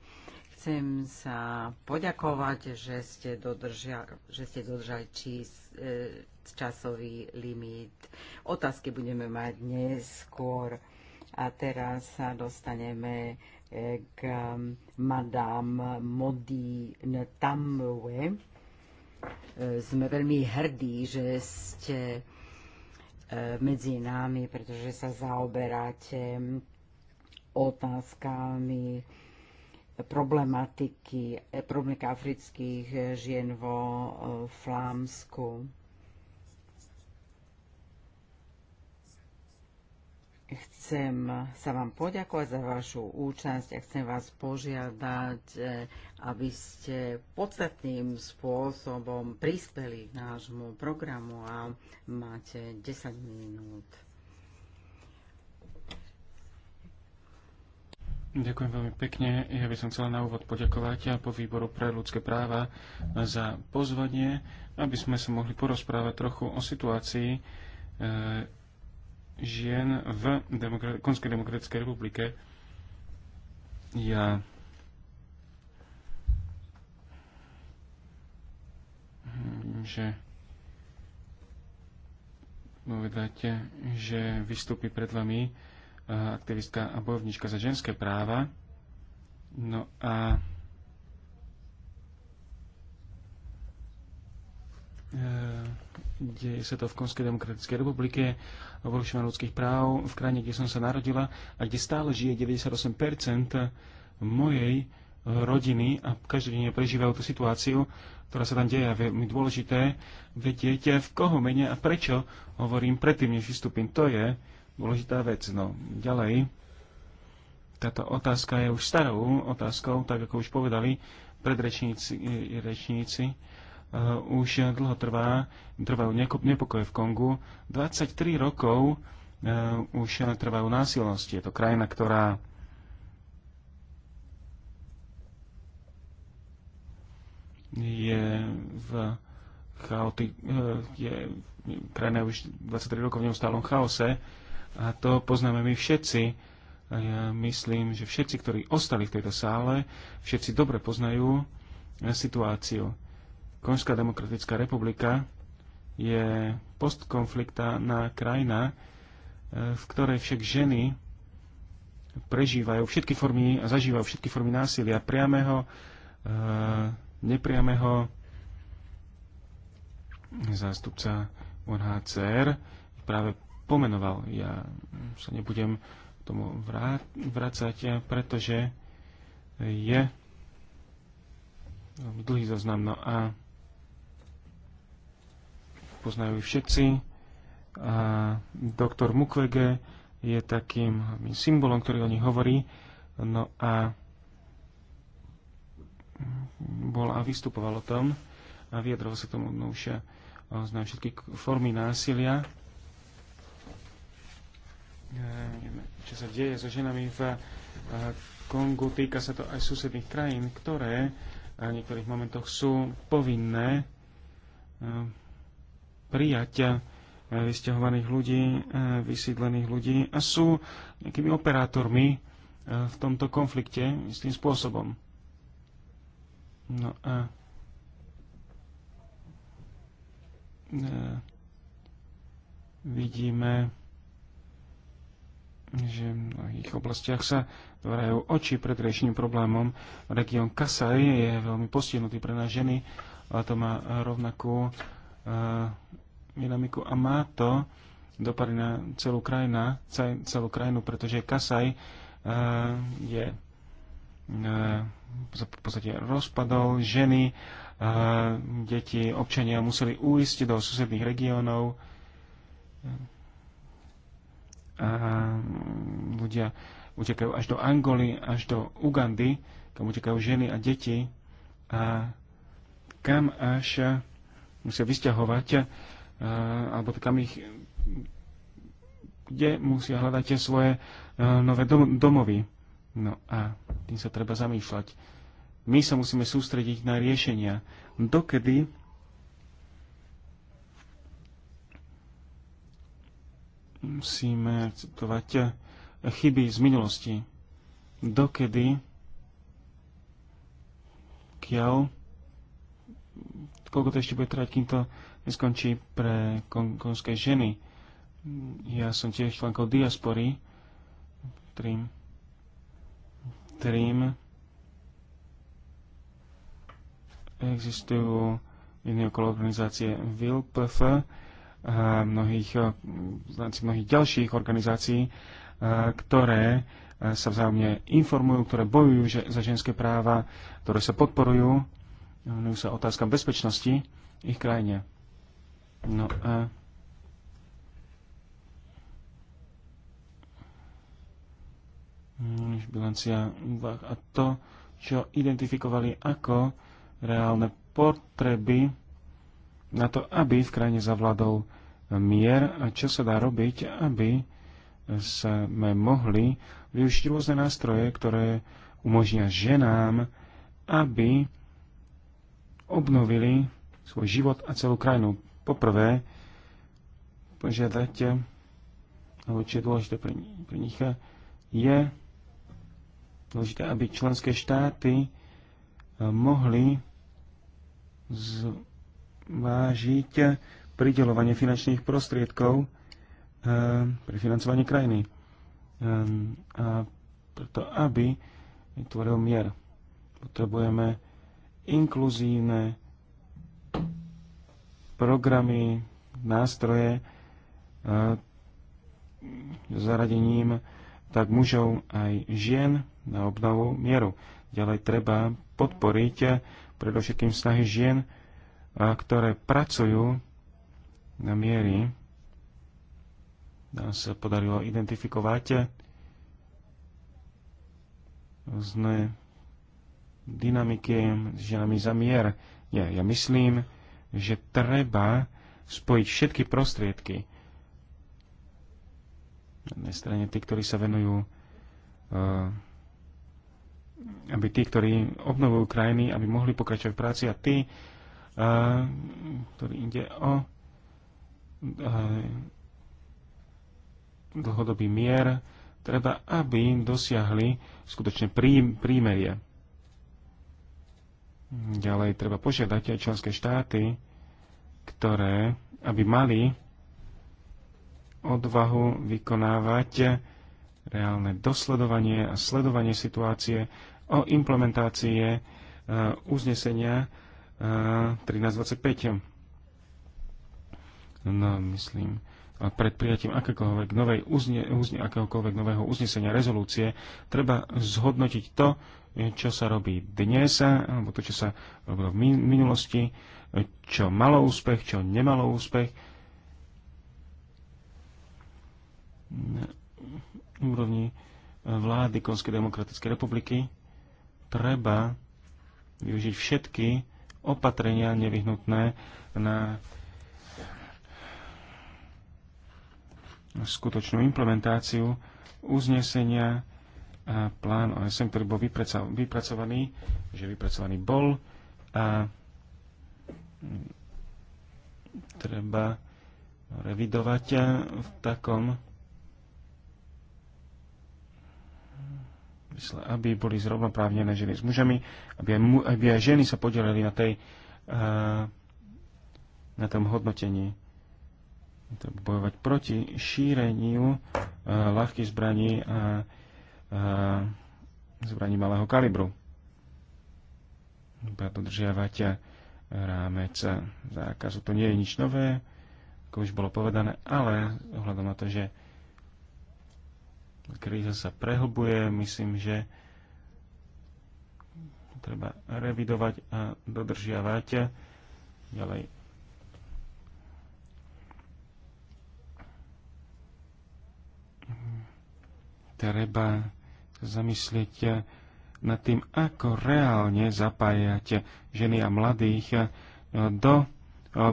Chcem sa poďakovať, že ste, dodržia, že ste dodržali čís, e, časový limit. Otázky budeme mať neskôr. A teraz sa dostaneme e, k Madame Modi Ntamwe. E, sme veľmi hrdí, že ste e, medzi nami, pretože sa zaoberáte otázkami problematiky, eh, problematiky afrických eh, žien vo eh, Flámsku. Chcem sa vám poďakovať za vašu účasť a chcem vás požiadať, aby ste podstatným spôsobom prispeli k nášmu programu a máte 10 minút. Ďakujem veľmi pekne. Ja by som chcela na úvod poďakovať a po výboru pre ľudské práva za pozvanie, aby sme sa mohli porozprávať trochu o situácii e, žien v Demokra- Konskej demokratickej republike. Ja že povedáte, že vystúpi pred vami aktivistka a bojovnička za ženské práva. No a e, deje sa to v Konskej demokratickej republike, porušovanie ľudských práv v krajine, kde som sa narodila a kde stále žije 98% mojej rodiny a každodenne prežívajú tú situáciu, ktorá sa tam deje a je mi dôležité vedieť, v koho mene a prečo hovorím predtým, než vystúpim. To je dôležitá vec. No ďalej, táto otázka je už starou otázkou, tak ako už povedali predrečníci, eh, rečníci, uh, už dlho trvá, trvajú nepokoje v Kongu. 23 rokov uh, už trvajú násilnosti. Je to krajina, ktorá je v chaoti, uh, je krajina už 23 rokov v neustálom chaose a to poznáme my všetci. A ja myslím, že všetci, ktorí ostali v tejto sále, všetci dobre poznajú eh, situáciu. Konžská demokratická republika je postkonfliktná krajina, eh, v ktorej však ženy prežívajú všetky formy a zažívajú všetky formy násilia, priamého, eh, nepriamého zástupca UNHCR práve pomenoval. Ja sa nebudem k tomu vrácať, pretože je dlhý zoznam. No a poznajú všetci. A doktor Mukwege je takým symbolom, ktorý o nich hovorí. No a bol a vystupoval o tom a vyjadroval sa tomu dnúšia. No eh, znám všetky formy násilia Eh, čo sa deje so ženami v eh, Kongu, týka sa to aj susedných krajín, ktoré eh, v niektorých momentoch sú povinné prijať vysťahovaných ľudí, vysídlených ľudí a sú nejakými operátormi v tomto konflikte istým spôsobom. No a vidíme že v mnohých oblastiach sa vrajú oči pred riešením problémom. Región Kasaj je veľmi postihnutý pre nás ženy, ale to má rovnakú uh, dynamiku a má to dopady na celú, krajina, celú krajinu, pretože Kasaj uh, eh, je uh, v podstate rozpadol, ženy, uh, deti, občania museli uísť do susedných regiónov. Uh, a mm, ľudia utekajú až do Angoly, až do Ugandy, kam utekajú ženy a deti a kam až e, musia vysťahovať, e, alebo kam ich, kde musia hľadať svoje e, nové domovy. No a tým sa treba zamýšľať. My sa musíme sústrediť na riešenia. Dokedy musíme citovať chyby z minulosti. Dokedy, kiaľ, koľko to ešte bude trvať, kým to neskončí pre kon- konské ženy. Ja som tiež členkou diaspory, ktorým, ktorým existujú jedné okolo organizácie VILPF, mnohých, e, mnohých ďalších organizácií, e, ktoré e, sa vzájomne informujú, ktoré bojujú za ženské práva, ktoré sa podporujú, venujú sa otázkam bezpečnosti ich krajine. No e... bilancia a to, čo identifikovali ako reálne potreby na to, aby v krajine zavládol mier a čo sa dá robiť, aby sme mohli využiť rôzne nástroje, ktoré umožnia ženám, aby obnovili svoj život a celú krajinu. Poprvé, požiadať, alebo čo je dôležité pre, pre nich, je dôležité, aby členské štáty mohli z, vážiť pridelovanie finančných prostriedkov eh, pri financovaní krajiny. Ehm, a preto, aby vytvoril mier, potrebujeme inkluzívne programy, nástroje eh, zaradením tak mužov aj žien na obnovu mieru. Ďalej treba podporiť eh, predovšetkým snahy žien ktoré pracujú na miery. Nám sa podarilo identifikovať rôzne dynamiky s ženami za mier. Ja, ja myslím, že treba spojiť všetky prostriedky. Na jednej strane tí, ktorí sa venujú, e, aby tí, ktorí obnovujú krajiny, aby mohli pokračovať v práci a tí, ktorý ide o dlhodobý mier, treba, aby dosiahli skutočne prímerie. Ďalej treba požiadať aj členské štáty, ktoré, aby mali odvahu vykonávať reálne dosledovanie a sledovanie situácie o implementácie e, uznesenia 13.25. No, myslím, a pred prijatím akéhokoľvek, novej uzne, uzne, akéhokoľvek nového uznesenia rezolúcie treba zhodnotiť to, čo sa robí dnes, alebo to, čo sa robilo v minulosti, čo malo úspech, čo nemalo úspech. Na úrovni e, vlády Konskej demokratickej republiky treba využiť všetky opatrenia nevyhnutné na skutočnú implementáciu uznesenia a plán OSM, ktorý bol vypracovaný, že vypracovaný bol a treba revidovať v takom zmysle, aby boli zrovnoprávnené ženy s mužami, aby aj, mu, aby aj ženy sa podelili na, tej, eh, na tom hodnotení. Treba bojovať proti šíreniu eh, ľahkých zbraní a, uh, zbraní malého kalibru. Treba dodržiavať rámec zákazu. To nie je nič nové, ako už bolo povedané, ale ohľadom na to, že Kríza sa prehlbuje, myslím, že treba revidovať a dodržiavať ďalej. Treba zamyslieť nad tým, ako reálne zapájať ženy a mladých do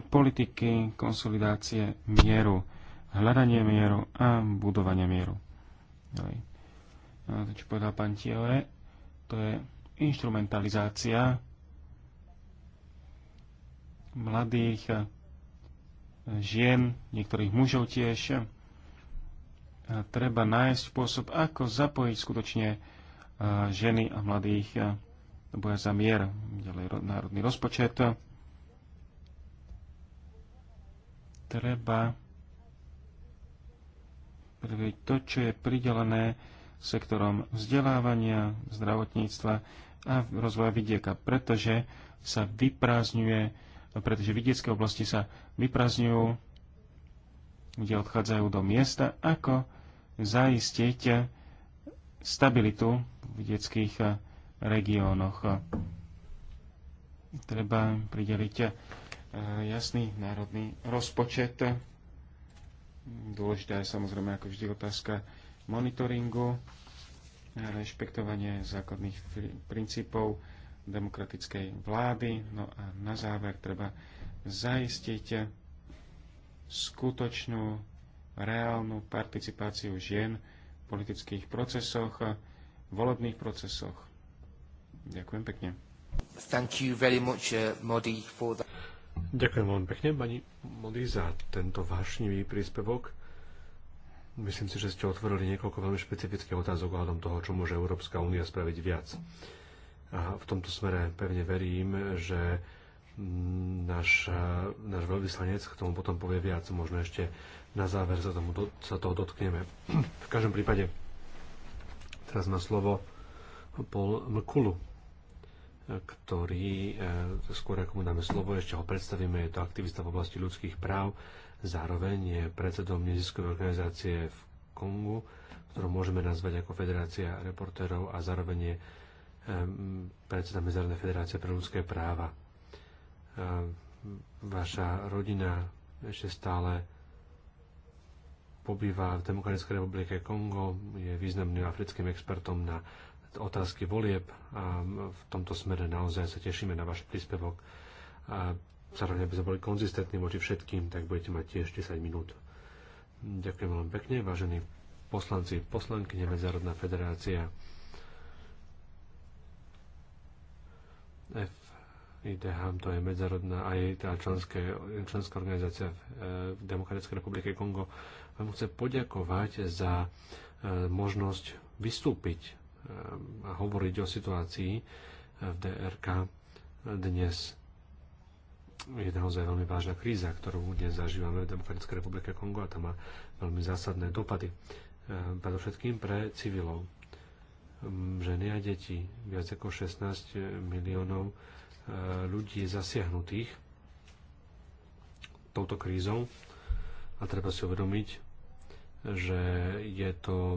politiky konsolidácie mieru, hľadanie mieru a budovania mieru. No, to, čo povedal pán Tiore, to je instrumentalizácia mladých eh, žien, niektorých mužov tiež. A treba nájsť spôsob, ako zapojiť skutočne eh, ženy a mladých eh, do boja za mier, ďalej národný rozpočet. Treba Veď to, čo je pridelené sektorom vzdelávania, zdravotníctva a rozvoja vidieka, pretože sa vyprázdňuje, pretože vidiecké oblasti sa vyprázdňujú, kde odchádzajú do miesta, ako zaistiť stabilitu v detských regiónoch. Treba prideliť eh, jasný národný rozpočet Dôležitá je samozrejme ako vždy otázka monitoringu, rešpektovanie základných princípov demokratickej vlády. No a na záver treba zaistiť skutočnú, reálnu participáciu žien v politických procesoch, volebných procesoch. Ďakujem pekne. Thank you very much, uh, Modi, for that. Ďakujem veľmi pekne, pani Modi, za tento vášnivý príspevok. Myslím si, že ste otvorili niekoľko veľmi špecifických otázok ohľadom toho, čo môže Európska únia spraviť viac. A v tomto smere pevne verím, že náš, náš veľvyslanec k tomu potom povie viac. Možno ešte na záver sa, tomu, sa toho dotkneme. V každom prípade teraz má slovo Paul Mkulu ktorý, e, skôr ako mu dáme slovo, ešte ho predstavíme, je to aktivista v oblasti ľudských práv, zároveň je predsedom neziskovej organizácie v Kongu, ktorú môžeme nazvať ako Federácia reportérov a zároveň je e, predseda Medzinárodnej federácie pre ľudské práva. E, vaša rodina ešte stále pobýva v Demokratickej republike Kongo, je významným africkým expertom na otázky volieb a v tomto smere naozaj sa tešíme na váš príspevok. A zároveň, aby sme boli konzistentní voči všetkým, tak budete mať tiež 10 minút. Ďakujem veľmi pekne, vážení poslanci, poslankyne Medzárodná federácia FIDH, to je medzárodná aj tá členské, členská organizácia v eh, Demokratickej republike Kongo, vám chcem poďakovať za eh, možnosť vystúpiť a hovoriť o situácii v DRK dnes. Je naozaj veľmi vážna kríza, ktorú dnes zažívame v Demokratickej republike Kongo a tam má veľmi zásadné dopady. Eh, predovšetkým pre civilov. Mm, ženy a deti, viac ako 16 miliónov eh, ľudí je zasiahnutých touto krízou a treba si uvedomiť, že je to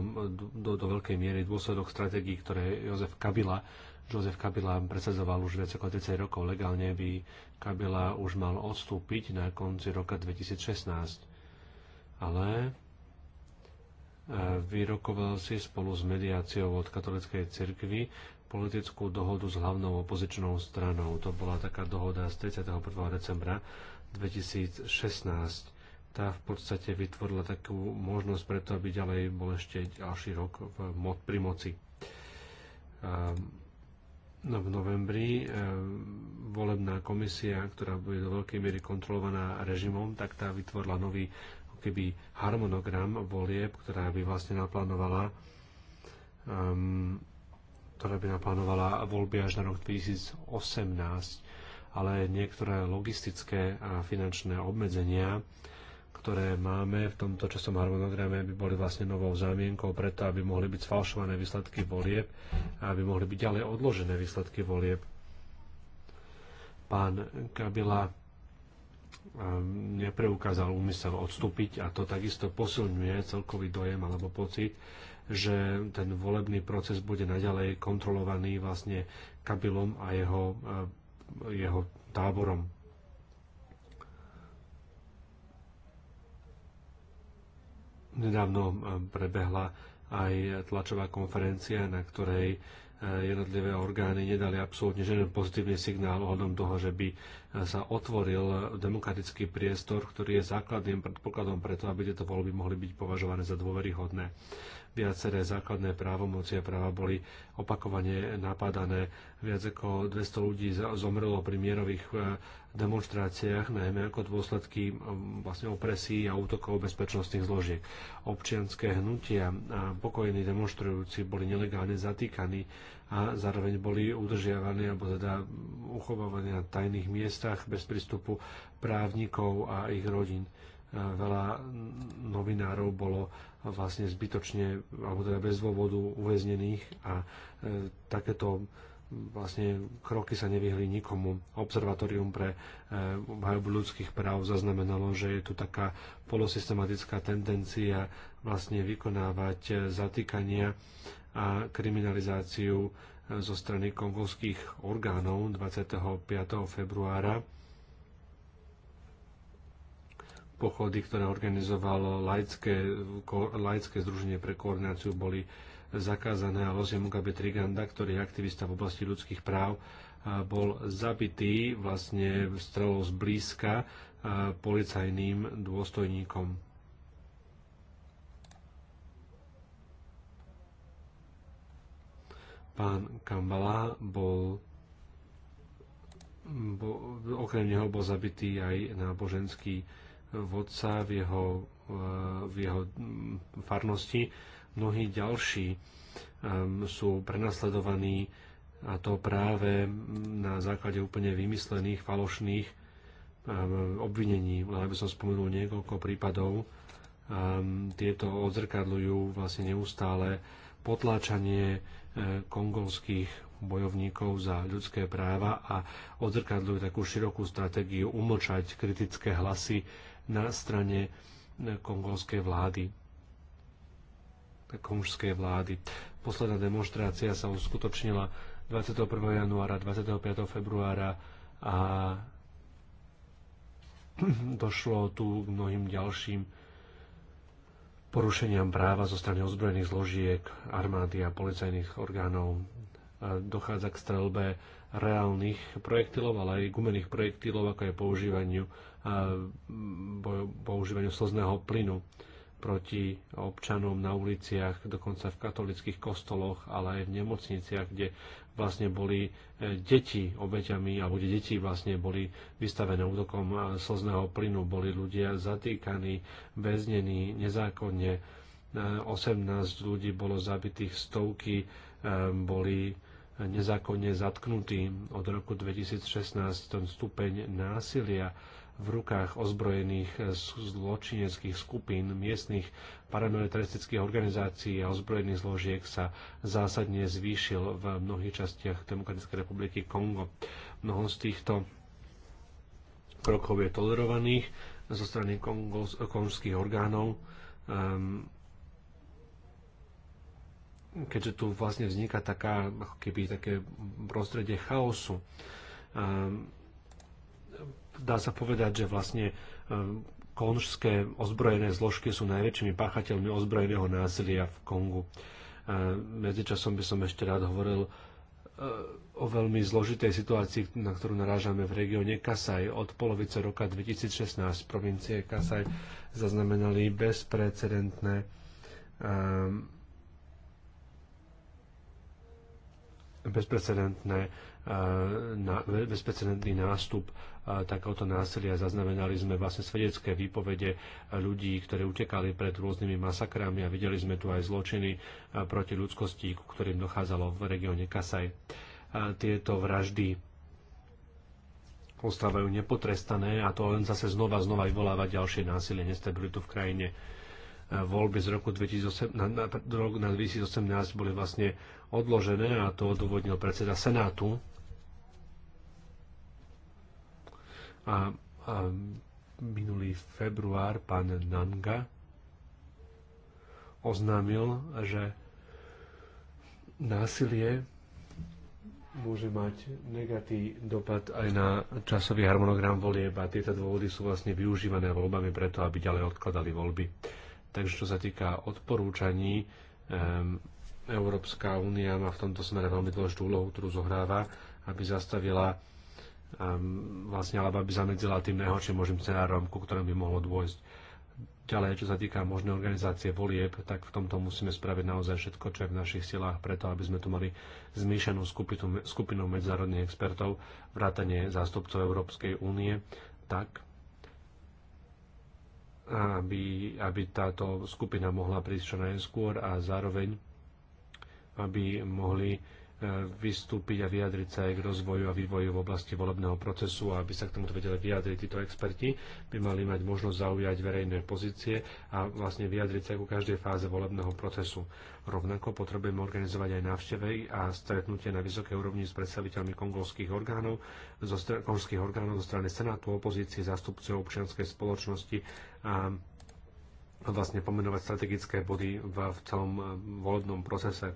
do, do veľkej miery dôsledok stratégií, ktoré Jozef Kabila Jozef Kabila presadzoval už viac ako 30 rokov. Legálne by Kabila už mal odstúpiť na konci roka 2016. Ale e, vyrokoval si spolu s mediáciou od katolickej cirkvi politickú dohodu s hlavnou opozičnou stranou. To bola taká dohoda z 31. decembra 2016 tá v podstate vytvorila takú možnosť preto, aby ďalej bol ešte ďalší rok v, mod, pri moci. Ehm, no, v novembri ehm, volebná komisia, ktorá bude do veľkej miery kontrolovaná režimom, tak tá vytvorila nový keby harmonogram volieb, ktorá by vlastne naplánovala um, ktorá by naplánovala voľby až na rok 2018, ale niektoré logistické a finančné obmedzenia ktoré máme v tomto časom harmonograme, by boli vlastne novou zámienkou preto, aby mohli byť sfalšované výsledky volieb a aby mohli byť ďalej odložené výsledky volieb. Pán Kabila um, nepreukázal úmysel odstúpiť a to takisto posilňuje celkový dojem alebo pocit, že ten volebný proces bude naďalej kontrolovaný vlastne Kabilom a jeho, uh, jeho táborom Nedávno eh, prebehla aj tlačová konferencia, na ktorej eh, jednotlivé orgány nedali absolútne žiaden pozitívny signál ohľadom toho, že by eh, sa otvoril demokratický priestor, ktorý je základným predpokladom preto, aby tieto voľby mohli byť považované za dôveryhodné. Viaceré základné právomoci a práva boli opakovane napadané. Viac ako 200 ľudí zomrelo pri mierových e, demonstráciách, najmä ako dôsledky vlastne opresí a útokov bezpečnostných zložiek. Občianské hnutia a pokojní demonstrujúci boli nelegálne zatýkaní a zároveň boli udržiavaní alebo teda uchovávaní na tajných miestach bez prístupu právnikov a ich rodín. E, veľa novinárov bolo vlastne zbytočne alebo teda bez dôvodu uväznených a e, takéto vlastne kroky sa nevyhli nikomu. Observatórium pre e, obhajobu ľudských práv zaznamenalo, že je tu taká polosystematická tendencia vlastne vykonávať e, zatýkania a kriminalizáciu e, zo strany kongovských orgánov 25. februára pochody, ktoré organizovalo laické, laické združenie pre koordináciu, boli zakázané a Lozie Mugabe Triganda, ktorý je aktivista v oblasti ľudských práv, bol zabitý vlastne strelou zblízka policajným dôstojníkom. Pán Kambala bol bo, okrem neho bol zabitý aj náboženský vodca v jeho, v jeho mm, farnosti. Mnohí ďalší ehm, sú prenasledovaní a to práve na základe úplne vymyslených, falošných ehm, obvinení. by som spomenul niekoľko prípadov, ehm, tieto odzrkadľujú vlastne neustále potláčanie e, kongolských bojovníkov za ľudské práva a odzrkadľujú takú širokú stratégiu umlčať kritické hlasy na strane eh, kongolskej vlády konžskej vlády. Posledná demonstrácia sa uskutočnila 21. januára, 25. februára a došlo tu k mnohým ďalším porušeniam práva zo strany ozbrojených zložiek, armády a policajných orgánov dochádza k strelbe reálnych projektilov, ale aj gumených projektilov, ako je používaniu, používaniu slzného plynu proti občanom na uliciach, dokonca v katolických kostoloch, ale aj v nemocniciach, kde vlastne boli e, deti obeťami, alebo kde deti vlastne boli vystavené útokom slzného plynu, boli ľudia zatýkaní, väznení nezákonne, 18 e, ľudí bolo zabitých, stovky e, boli nezákonne zatknutý od roku 2016 ten stupeň násilia v rukách ozbrojených zločineckých skupín, miestnych paramilitaristických organizácií a ozbrojených zložiek sa zásadne zvýšil v mnohých častiach Demokratickej republiky Kongo. Mnoho z týchto krokov je tolerovaných zo strany kongolských orgánov. Um, keďže tu vlastne vzniká taká, ako keby také prostredie chaosu. Dá sa povedať, že vlastne e, konžské ozbrojené zložky sú najväčšími páchateľmi ozbrojeného násilia v Kongu. Medzičasom by som ešte rád hovoril e, o veľmi zložitej situácii, na ktorú narážame v regióne Kasaj. Od polovice roka 2016 provincie Kasaj zaznamenali bezprecedentné um, bezprecedentné, e, bezprecedentný nástup e, takéhoto násilia. Zaznamenali sme vlastne svedecké výpovede ľudí, ktorí utekali pred rôznymi masakrami a videli sme tu aj zločiny e, proti ľudskosti, ku ktorým dochádzalo v regióne Kasaj. Tieto vraždy ostávajú nepotrestané a to len zase znova znova vyvoláva ďalšie násilie, nestabilitu v krajine voľby z roku 2018, na, na 2018 boli vlastne odložené a to odôvodnil predseda Senátu. A, a minulý február pán Nanga oznámil, že násilie môže mať negatý dopad aj na časový harmonogram volieb a tieto dôvody sú vlastne využívané voľbami preto, aby ďalej odkladali voľby. Takže čo sa týka odporúčaní, Európska únia má v tomto smere veľmi dôležitú úlohu, ktorú zohráva, aby zastavila vlastne, alebo aby zamedzila tým najhorším možným scenárom, ku ktorým by mohlo dôjsť. Ďalej, čo sa týka možnej organizácie volieb, tak v tomto musíme spraviť naozaj všetko, čo je v našich silách, preto aby sme tu mali zmiešanú skupinu, skupinu medzinárodných expertov, vrátanie zástupcov Európskej únie, tak aby, aby táto skupina mohla prísť čo najskôr a zároveň aby mohli vystúpiť a vyjadriť sa aj k rozvoju a vývoju v oblasti volebného procesu a aby sa k tomuto vedeli vyjadriť títo experti, by mali mať možnosť zaujať verejné pozície a vlastne vyjadriť sa aj ku každej fáze volebného procesu. Rovnako potrebujeme organizovať aj návštevy a stretnutie na vysokej úrovni s predstaviteľmi kongolských orgánov, zo, kongolských orgánov zo strany Senátu, opozície, zástupcov občianskej spoločnosti a vlastne pomenovať strategické body v, v celom eh, volebnom procese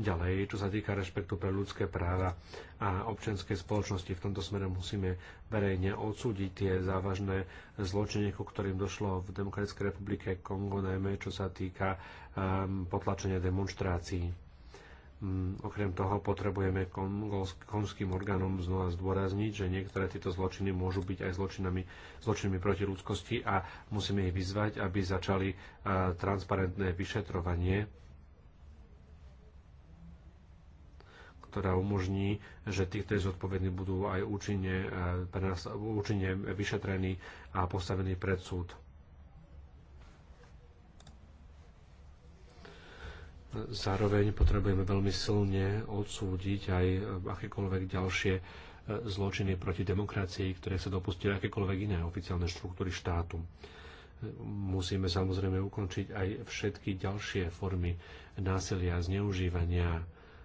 Ďalej, čo sa týka rešpektu pre ľudské práva a občianskej spoločnosti, v tomto smere musíme verejne odsúdiť tie závažné zločiny, ku ktorým došlo v Demokratickej republike Kongo, najmä čo sa týka um, potlačenia demonstrácií. Mm, okrem toho potrebujeme kongolským orgánom znova zdôrazniť, že niektoré tieto zločiny môžu byť aj zločinami, zločinmi proti ľudskosti a musíme ich vyzvať, aby začali eh, transparentné vyšetrovanie ktorá umožní, že tí, ktorí zodpovední, budú aj účinne, e, účinne vyšetrení a postavení pred súd. Zároveň potrebujeme veľmi silne odsúdiť aj akékoľvek ďalšie e, zločiny proti demokracii, ktoré sa dopustili akékoľvek iné oficiálne štruktúry štátu. Musíme samozrejme ukončiť aj všetky ďalšie formy násilia, zneužívania,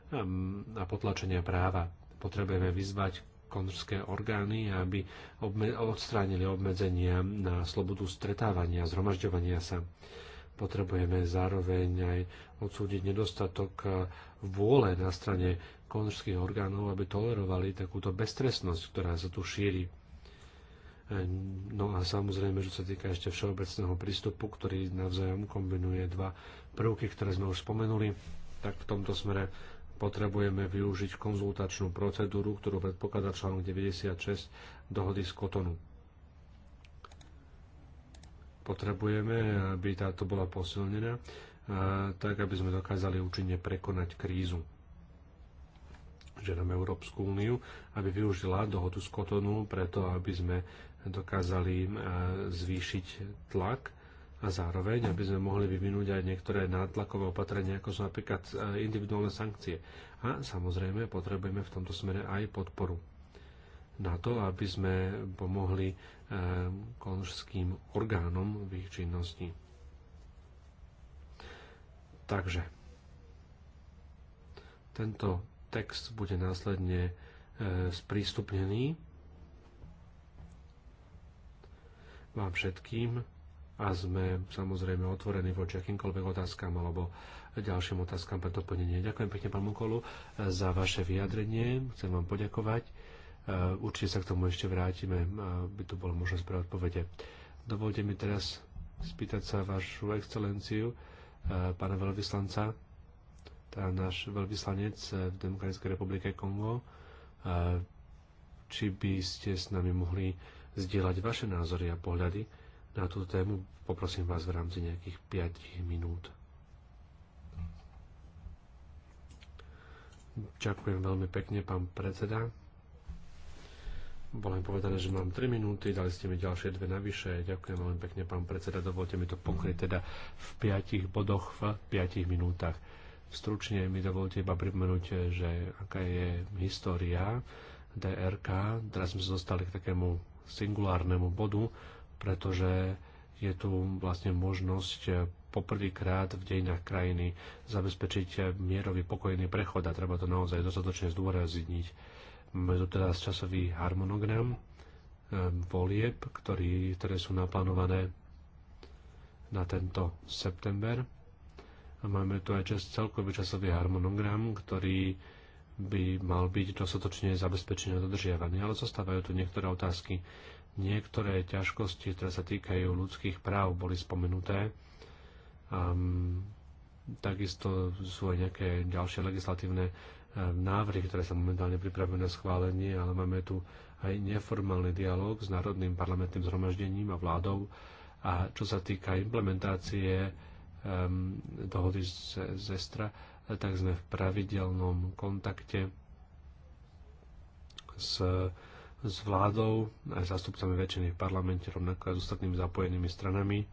Ehm, a potlačenia práva. Potrebujeme vyzvať konžské orgány, aby obme- odstránili obmedzenia na slobodu stretávania, zhromažďovania sa. Potrebujeme zároveň aj odsúdiť nedostatok eh, vôle na strane konžských orgánov, aby tolerovali takúto bestresnosť, ktorá sa tu šíri. Ehm, no a samozrejme, že sa týka ešte všeobecného prístupu, ktorý navzájom kombinuje dva prvky, ktoré sme už spomenuli, tak v tomto smere potrebujeme využiť konzultačnú procedúru, ktorú predpokladá článok 96 dohody z Kotonu. Potrebujeme, aby táto bola posilnená, tak aby sme dokázali účinne prekonať krízu. Žiadame Európsku úniu, aby využila dohodu z Kotonu preto, aby sme dokázali zvýšiť tlak a zároveň, aby sme mohli vyvinúť aj niektoré nátlakové opatrenia, ako sú napríklad e, individuálne sankcie. A samozrejme potrebujeme v tomto smere aj podporu na to, aby sme pomohli e, konžským orgánom v ich činnosti. Takže tento text bude následne e, sprístupnený vám všetkým a sme samozrejme otvorení voči akýmkoľvek otázkam alebo ďalším otázkam pre doplnenie. Ďakujem pekne, pán Mokolu, za vaše vyjadrenie. Chcem vám poďakovať. E, určite sa k tomu ešte vrátime, aby tu bola možnosť pre odpovede. Dovolte mi teraz spýtať sa vašu excelenciu, e, pána veľvyslanca, teda náš veľvyslanec e, v Demokratickej republike Kongo, či by ste s nami mohli zdieľať vaše názory a pohľady na túto tému. Poprosím vás v rámci nejakých 5 minút. Ďakujem veľmi pekne, pán predseda. Bolo mi povedané, že mám 3 minúty, dali ste mi ďalšie dve navyše. Ďakujem veľmi pekne, pán predseda. Dovolte mi to pokryť teda v 5 bodoch v 5 minútach. Stručne mi dovolte iba pripomenúť, že aká je história DRK. Teraz sme sa dostali k takému singulárnemu bodu, pretože je tu vlastne možnosť eh, poprvýkrát v dejinách krajiny zabezpečiť eh, mierový pokojný prechod a treba to naozaj dostatočne zdôrazniť. Máme tu teraz časový harmonogram eh, volieb, ktorý, ktoré sú naplánované na tento september. A máme tu aj čas, celkový časový harmonogram, ktorý by mal byť dostatočne zabezpečený a dodržiavaný, ale zostávajú tu niektoré otázky, Niektoré ťažkosti, ktoré sa týkajú ľudských práv, boli spomenuté. Um, takisto sú aj nejaké ďalšie legislatívne e, návrhy, ktoré sa momentálne pripravujú na schválenie, ale máme tu aj neformálny dialog s Národným parlamentným zhromaždením a vládou. A čo sa týka implementácie um, dohody z, z Estra, tak sme v pravidelnom kontakte s s vládou, aj zástupcami väčšiny v parlamente, rovnako aj s ostatnými zapojenými stranami,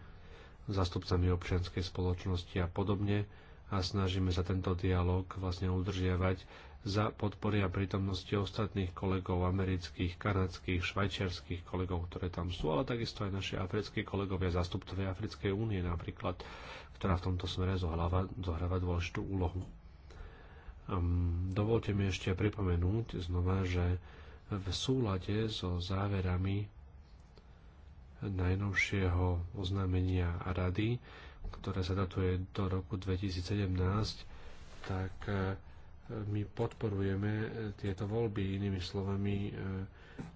zástupcami občianskej spoločnosti a podobne a snažíme sa tento dialog vlastne udržiavať za podpory a prítomnosti ostatných kolegov amerických, kanadských, švajčiarských kolegov, ktoré tam sú, ale takisto aj naši africkí kolegovia, zástupcovia Africkej únie napríklad, ktorá v tomto smere zohráva, zohráva dôležitú úlohu. Um, dovolte mi ešte pripomenúť znova, že v súlade so záverami najnovšieho oznámenia Rady, ktoré sa datuje do roku 2017, tak e, my podporujeme e, tieto voľby. Inými slovami, e,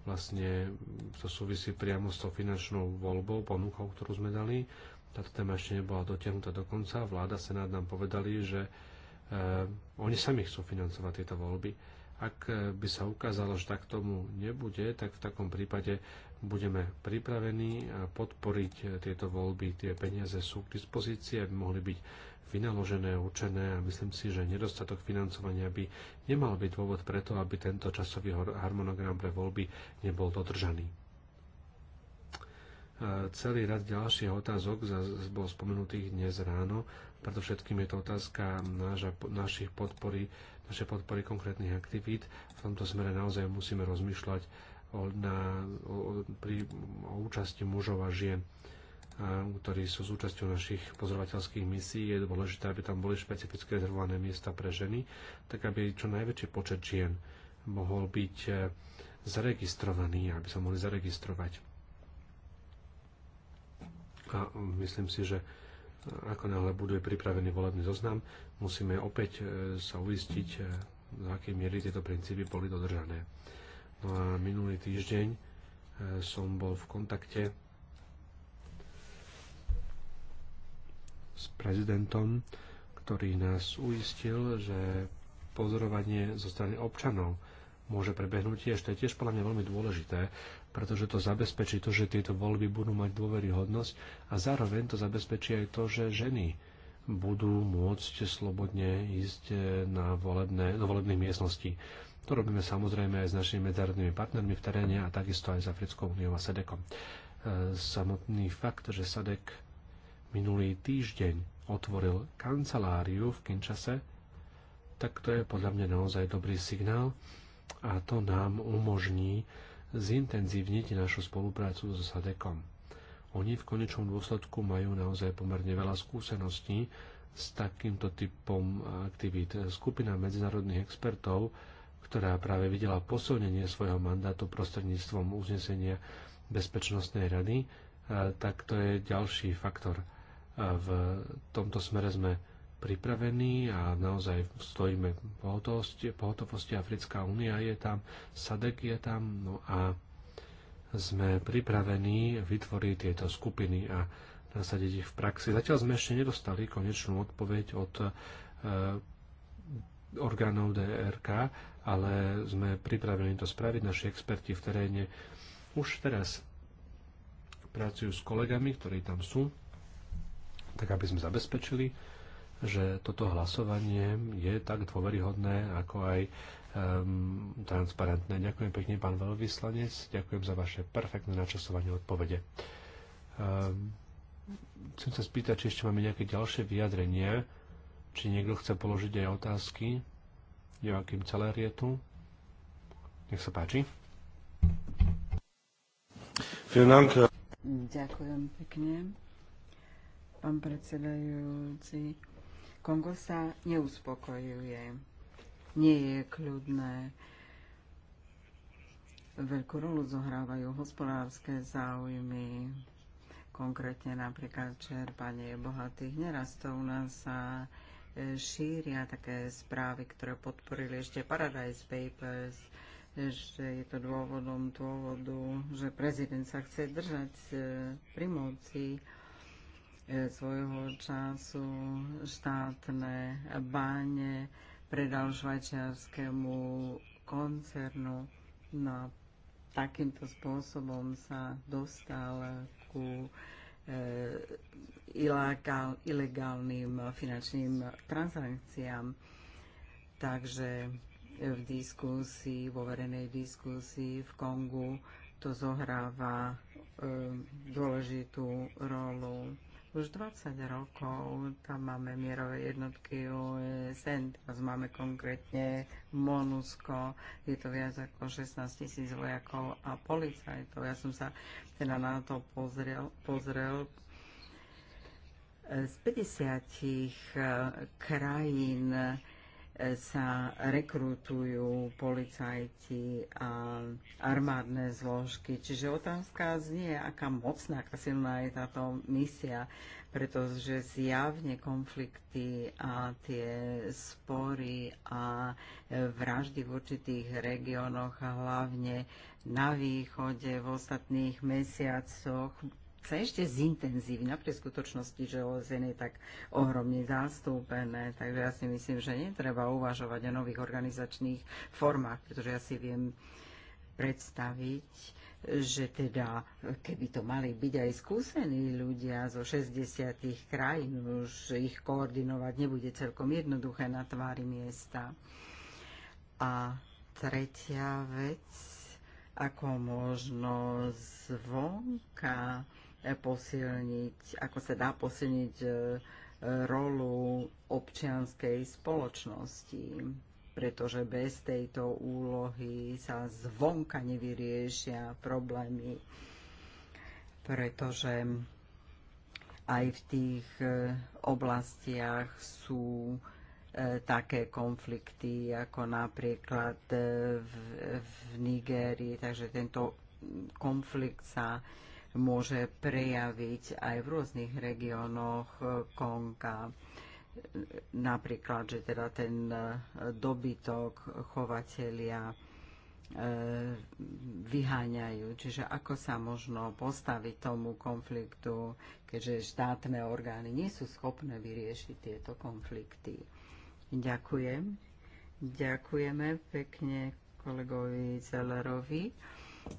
vlastne to súvisí priamo s tou finančnou voľbou, ponukou, ktorú sme dali. Táto téma ešte nebola dotiahnutá do konca. Vláda, Senát nám povedali, že oni sami chcú financovať tieto voľby ak by sa ukázalo, že tak tomu nebude, tak v takom prípade budeme pripravení podporiť tieto voľby. Tie peniaze sú k dispozícii, aby mohli byť vynaložené, určené a myslím si, že nedostatok financovania by nemal byť dôvod preto, aby tento časový harmonogram pre voľby nebol dodržaný. E, celý rad ďalších otázok bol spomenutých dnes ráno. Predovšetkým je to otázka naša, našich podpory naše podpory konkrétnych aktivít. V tomto smere naozaj musíme rozmýšľať o, na, o, pri, o účasti mužov a žien ktorí sú súčasťou našich pozorovateľských misií. Je dôležité, aby tam boli špecifické rezervované miesta pre ženy, tak aby čo najväčší počet žien mohol byť e, zaregistrovaný, aby sa mohli zaregistrovať. A myslím si, že ako náhle bude pripravený volebný zoznam, musíme opäť e, sa uistiť, z e, akej miery tieto princípy boli dodržané. No a minulý týždeň e, som bol v kontakte s prezidentom, ktorý nás uistil, že pozorovanie zo strany občanov môže prebehnúť tiež. To je tiež podľa mňa veľmi dôležité, pretože to zabezpečí to, že tieto voľby budú mať dôveryhodnosť a zároveň to zabezpečí aj to, že ženy budú môcť slobodne ísť e, na volebné, do volebných miestností. To robíme samozrejme aj s našimi medzinárodnými partnermi v teréne a takisto aj s Africkou úniou a SADEKom. E, samotný fakt, že SADEK minulý týždeň otvoril kanceláriu v Kinčase, tak to je podľa mňa naozaj dobrý signál a to nám umožní zintenzívniť našu spoluprácu so SADEKom. Oni v konečnom dôsledku majú naozaj pomerne veľa skúseností s takýmto typom aktivít. Skupina medzinárodných expertov, ktorá práve videla posilnenie svojho mandátu prostredníctvom uznesenia Bezpečnostnej rady, eh, tak to je ďalší faktor. Eh, v tomto smere sme pripravení a naozaj stojíme po hotovosti, Africká únia je tam, SADEK je tam, no a sme pripravení vytvoriť tieto skupiny a nasadiť ich v praxi. Zatiaľ sme ešte nedostali konečnú odpoveď od e, orgánov DRK, ale sme pripravení to spraviť. Naši experti v teréne už teraz pracujú s kolegami, ktorí tam sú, tak aby sme zabezpečili, že toto hlasovanie je tak dôveryhodné, ako aj um, transparentné. Ďakujem pekne, pán veľvyslanec. Ďakujem za vaše perfektné načasovanie odpovede. Um, chcem sa spýtať, či ešte máme nejaké ďalšie vyjadrenie, či niekto chce položiť aj otázky. Joachim Celer je tu. Nech sa páči. Ďakujem pekne. Pán predsedajúci, Kongo sa neuspokojuje. Nie je kľudné. Veľkú rolu zohrávajú hospodárske záujmy, konkrétne napríklad čerpanie bohatých nerastov. na nás sa šíria také správy, ktoré podporili ešte Paradise Papers, že je to dôvodom dôvodu, že prezident sa chce držať e, pri moci svojho času štátne báne predal švajčiarskému koncernu. No a takýmto spôsobom sa dostal ku e, ilegálnym finančným transakciám. Takže v diskusii, vo verejnej diskusii v Kongu to zohráva e, dôležitú rolu už 20 rokov. Tam máme mierové jednotky USN, teraz máme konkrétne MONUSCO, je to viac ako 16 tisíc vojakov a policajtov. Ja som sa teda na to pozrel, pozrel z 50 eh, krajín sa rekrutujú policajti a armádne zložky. Čiže otázka znie, aká mocná, aká silná je táto misia, pretože zjavne konflikty a tie spory a vraždy v určitých regiónoch a hlavne na východe v ostatných mesiacoch sa ešte zintenzívna pre skutočnosti, že OSN je tak ohromne zastúpené. Takže ja si myslím, že netreba uvažovať o nových organizačných formách, pretože ja si viem predstaviť, že teda, keby to mali byť aj skúsení ľudia zo 60 krajín, už ich koordinovať nebude celkom jednoduché na tvári miesta. A tretia vec, ako možno zvonka E, posilniť, ako sa dá posilniť e, e, rolu občianskej spoločnosti, pretože bez tejto úlohy sa zvonka nevyriešia problémy, pretože aj v tých oblastiach sú také konflikty, ako napríklad v, v Nigérii, takže tento konflikt sa môže prejaviť aj v rôznych regiónoch eh, Konga. Napríklad, že teda ten eh, dobytok chovatelia eh, vyháňajú. Čiže ako sa možno postaviť tomu konfliktu, keďže štátne orgány nie sú schopné vyriešiť tieto konflikty. Ďakujem. Ďakujeme pekne kolegovi Zellerovi.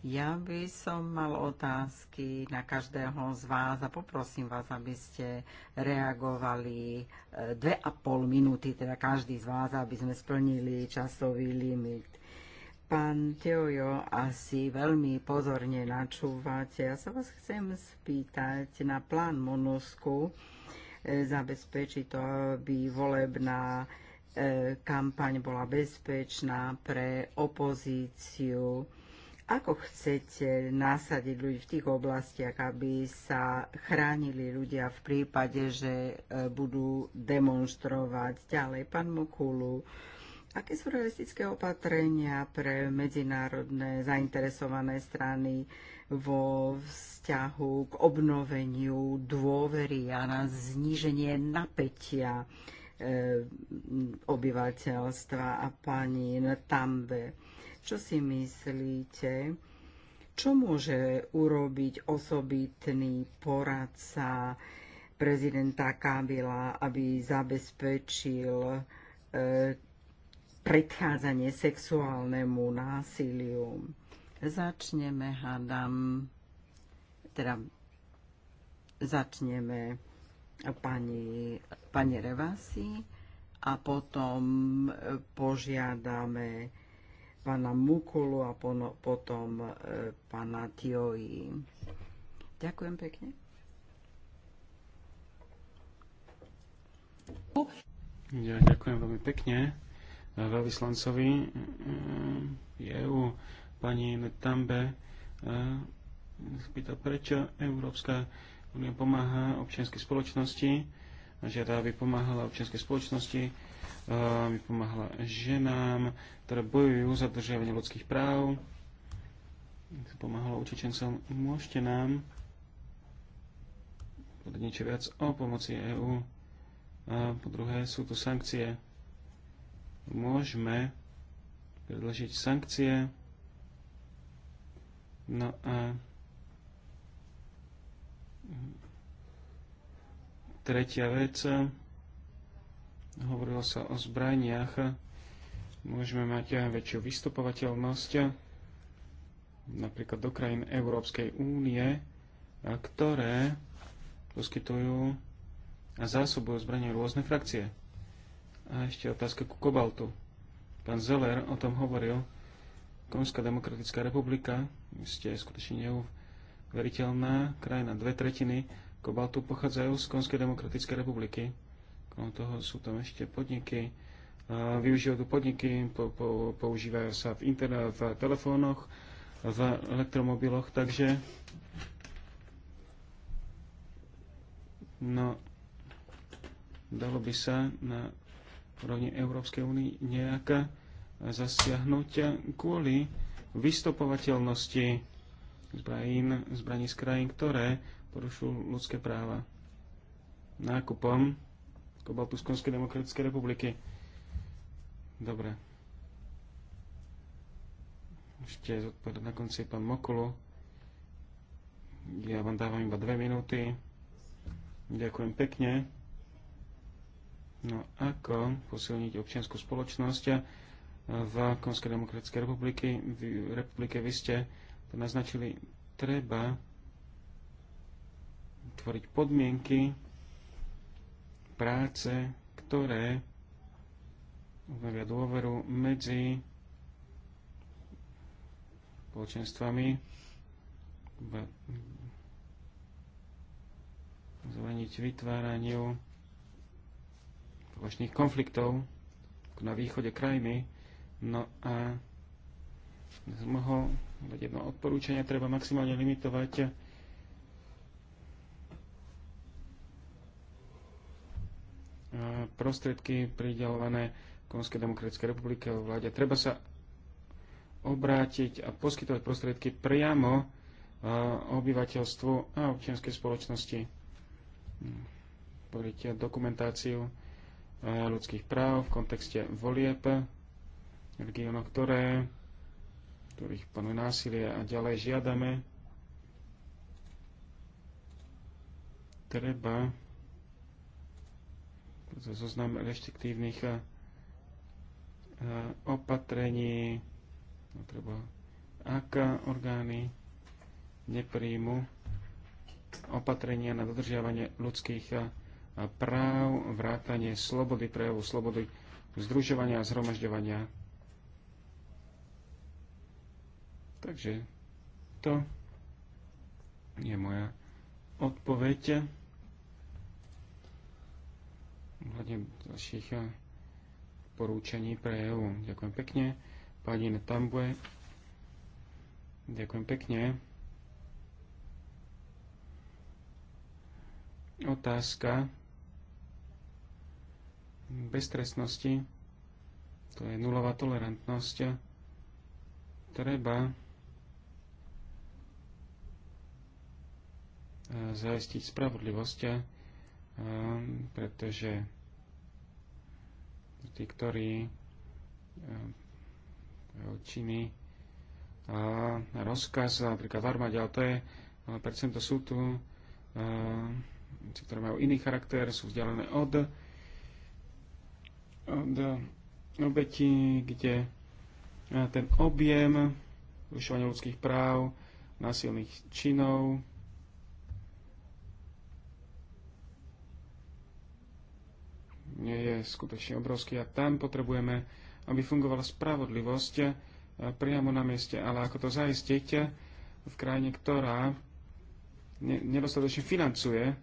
Ja by som mal otázky na každého z vás a poprosím vás, aby ste reagovali eh, dve a pol minúty, teda každý z vás, aby sme splnili časový limit. Pán Teojo, asi veľmi pozorne načúvate. Ja sa vás chcem spýtať na plán Monusku eh, zabezpečiť to, aby volebná eh, kampaň bola bezpečná pre opozíciu ako chcete nasadiť ľudí v tých oblastiach, aby sa chránili ľudia v prípade, že e, budú demonstrovať ďalej? Pán Mokulu, aké sú realistické opatrenia pre medzinárodné zainteresované strany vo vzťahu k obnoveniu dôvery a na zníženie napätia e, obyvateľstva a pani Tambe? Čo si myslíte? Čo môže urobiť osobitný poradca prezidenta Kabila, aby zabezpečil e, predchádzanie sexuálnemu násiliu. Začneme, hádam, teda začneme pani, pani Revasi a potom e, požiadame pána Mukulu a potom e, pána Tioji. Ďakujem pekne. Ja ďakujem veľmi pekne e, veľvyslancovi EU pani Tambe e, spýta, prečo Európska únia pomáha občianskej spoločnosti, žiada, aby pomáhala občianskej spoločnosti pomáhala ženám, ktoré bojujú za držiavanie ľudských práv. Pomáhala utečencom. Môžete nám povedať niečo viac o pomoci EÚ. Po druhé, sú tu sankcie. Môžeme predložiť sankcie. No a tretia vec, Hovorilo sa o zbraniach. Môžeme mať aj väčšiu vystupovateľnosť napríklad do krajín Európskej únie, ktoré poskytujú a zásobujú zbranie rôzne frakcie. A ešte otázka ku kobaltu. Pán Zeller o tom hovoril. Konská demokratická republika, ste skutočne neuveriteľná krajina. Dve tretiny kobaltu pochádzajú z Konskej demokratickej republiky okolo toho sú tam ešte podniky, využívajú tu podniky, po, po, používajú sa v, internet, v telefónoch, v elektromobiloch, takže no, dalo by sa na úrovni Európskej únie nejaká zasiahnuť kvôli vystopovateľnosti zbraní, zbraní z krajín, ktoré porušujú ľudské práva nákupom to bol Tuskonskej demokratickej republiky. Dobre. Ešte zodpovedať na konci pán Mokulu. Ja vám dávam iba dve minúty. Ďakujem pekne. No ako posilniť občianskú spoločnosť v Konskej demokratickej republiky, v republike vy ste to naznačili, treba tvoriť podmienky, práce, ktoré obnovia dôveru medzi spoločenstvami zvaniť vytváraniu spoločných konfliktov na východe krajiny. No a z môjho jedno odporúčania treba maximálne limitovať prostriedky pridelované Konskej demokratickej republike vo vláde. Treba sa obrátiť a poskytovať prostriedky priamo obyvateľstvu a občianskej spoločnosti. Podrite dokumentáciu ľudských práv v kontexte volieb, regiónoch, ktoré, ktorých panuje násilie a ďalej žiadame. Treba zoznam reštriktívnych eh, eh, opatrení, no, treba, ak orgány nepríjmu opatrenia na dodržiavanie ľudských eh, práv, vrátanie slobody prejavu, slobody združovania a zhromažďovania. Takže to je moja odpoveď ohľadne ďalších eh, porúčení pre EU. Ďakujem pekne. Pani Netambue, ďakujem pekne. Otázka beztrestnosti, to je nulová tolerantnosť, treba eh, zajistiť spravodlivosť Ehm, pretože tí, ktorí ehm, činy rozkaz, napríklad v armáde, ale to je, ale percento sú tu veci, ehm, ktoré majú iný charakter, sú vzdialené od, od obeti, kde e, ten objem vyšovania ľudských práv, násilných činov, je skutočne obrovský a tam potrebujeme, aby fungovala spravodlivosť e, priamo na mieste. Ale ako to zaistiť e, v krajine, ktorá nedostatočne financuje e,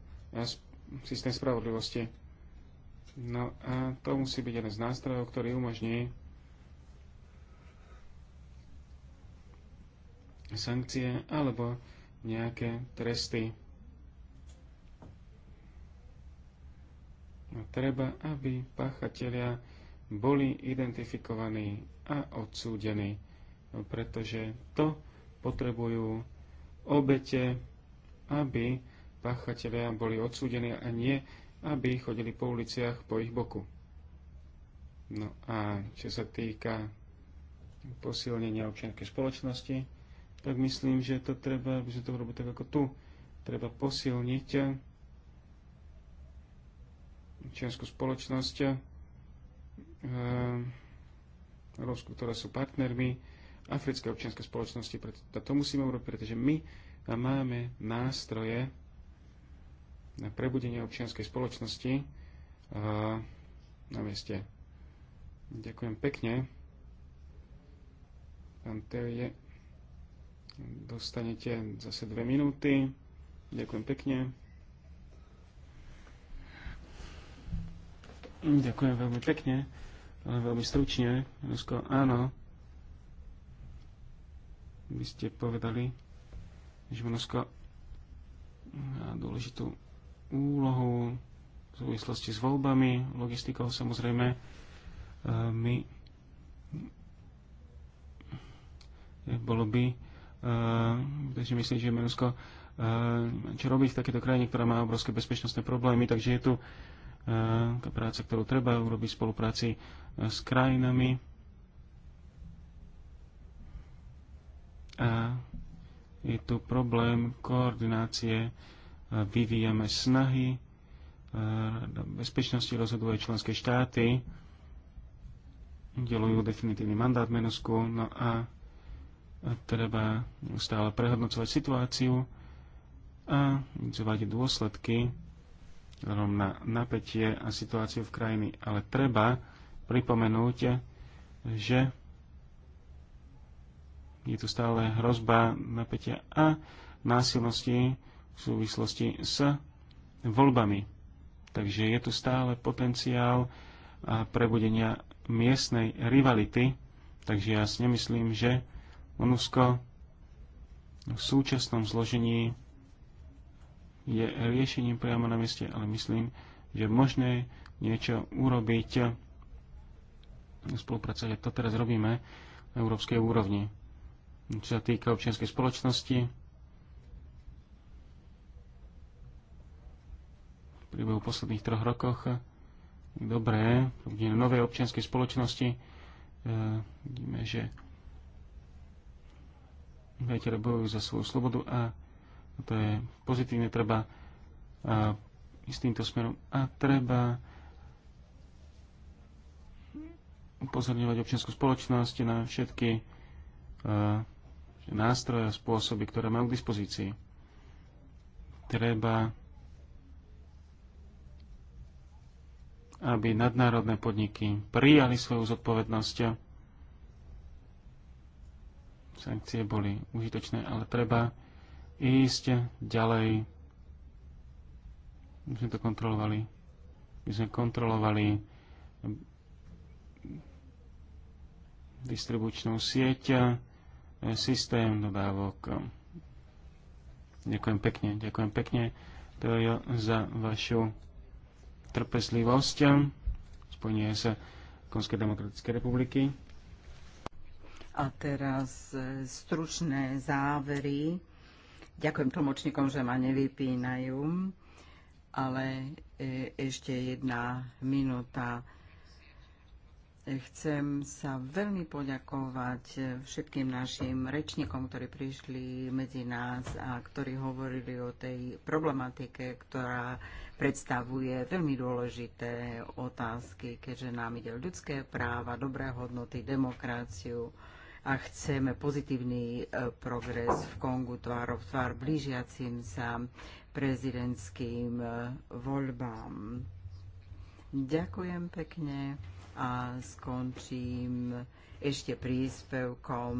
systém spravodlivosti. No a to musí byť jeden z nástrojov, ktorý umožní sankcie alebo nejaké tresty treba, aby páchatelia boli identifikovaní a odsúdení, pretože to potrebujú obete, aby páchatelia boli odsúdení a nie, aby chodili po uliciach po ich boku. No a čo sa týka posilnenia občianskej spoločnosti, tak myslím, že to treba, aby sme to robili tak ako tu, treba posilniť občianskú spoločnosť, eh, Európsku, ktoré sú partnermi africké občianske spoločnosti. A to musíme urobiť, pretože my máme nástroje na prebudenie občianskej spoločnosti eh, na mieste. Ďakujem pekne. Pán Terie, dostanete zase dve minúty. Ďakujem pekne. Ďakujem veľmi pekne, ale veľmi stručne. Rusko, áno. Vy ste povedali, že Rusko má dôležitú úlohu v súvislosti s voľbami, logistikou samozrejme. My bolo by, takže myslím, že Rusko čo robiť v takéto krajine, ktorá má obrovské bezpečnostné problémy, takže je tu práca, ktorú treba urobiť v spolupráci eh, s krajinami. A je tu problém koordinácie, vyvíjame snahy, bezpečnosti rozhoduje členské štáty, delujú definitívny mandát menosku, no a treba stále prehodnocovať situáciu a zvádiť dôsledky na napätie a situáciu v krajiny. Ale treba pripomenúť, že je tu stále hrozba napätia a násilnosti v súvislosti s voľbami. Takže je tu stále potenciál prebudenia miestnej rivality, takže ja si nemyslím, že Monusko v súčasnom zložení je riešením priamo na mieste, ale myslím, že možné niečo urobiť spolupracovať. To teraz robíme na európskej úrovni. Čo sa týka občianskej spoločnosti, v priebehu posledných troch rokoch dobré, na nové občianskej spoločnosti, eh, vidíme, že vetere bojujú za svoju slobodu a to je pozitívne, treba ísť týmto smerom a treba upozorňovať občianskú spoločnosť na všetky nástroje a spôsoby, ktoré majú k dispozícii. Treba, aby nadnárodné podniky prijali svoju zodpovednosť. Sankcie boli užitočné, ale treba ísť ďalej. My sme to kontrolovali. My sme kontrolovali distribučnú sieť, eh, systém dodávok. Ďakujem pekne, ďakujem pekne za vašu trpezlivosť. Eh, spojenie sa Konskej demokratickej republiky. A teraz eh, stručné závery Ďakujem tlmočníkom, že ma nevypínajú, ale e, ešte jedna minúta. Chcem sa veľmi poďakovať všetkým našim rečníkom, ktorí prišli medzi nás a ktorí hovorili o tej problematike, ktorá predstavuje veľmi dôležité otázky, keďže nám ide o ľudské práva, dobré hodnoty, demokraciu a chceme pozitívny e, progres v Kongu tvárov tvár blížiacim sa prezidentským e, voľbám. Ďakujem pekne a skončím ešte príspevkom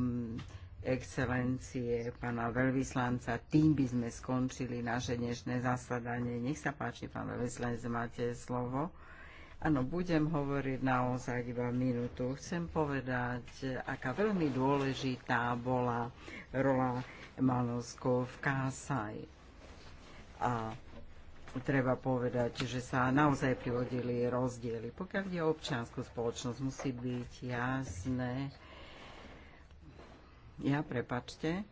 excelencie pána veľvyslanca. Tým by sme skončili naše dnešné zasadanie. Nech sa páči, pán veľvyslanec, máte slovo. Áno, budem hovoriť naozaj iba minútu. Chcem povedať, aká veľmi dôležitá bola rola Manovsko v Kásaj. A treba povedať, že sa naozaj privodili rozdiely. Pokiaľ je občianskú spoločnosť, musí byť jasné. Ja, prepačte.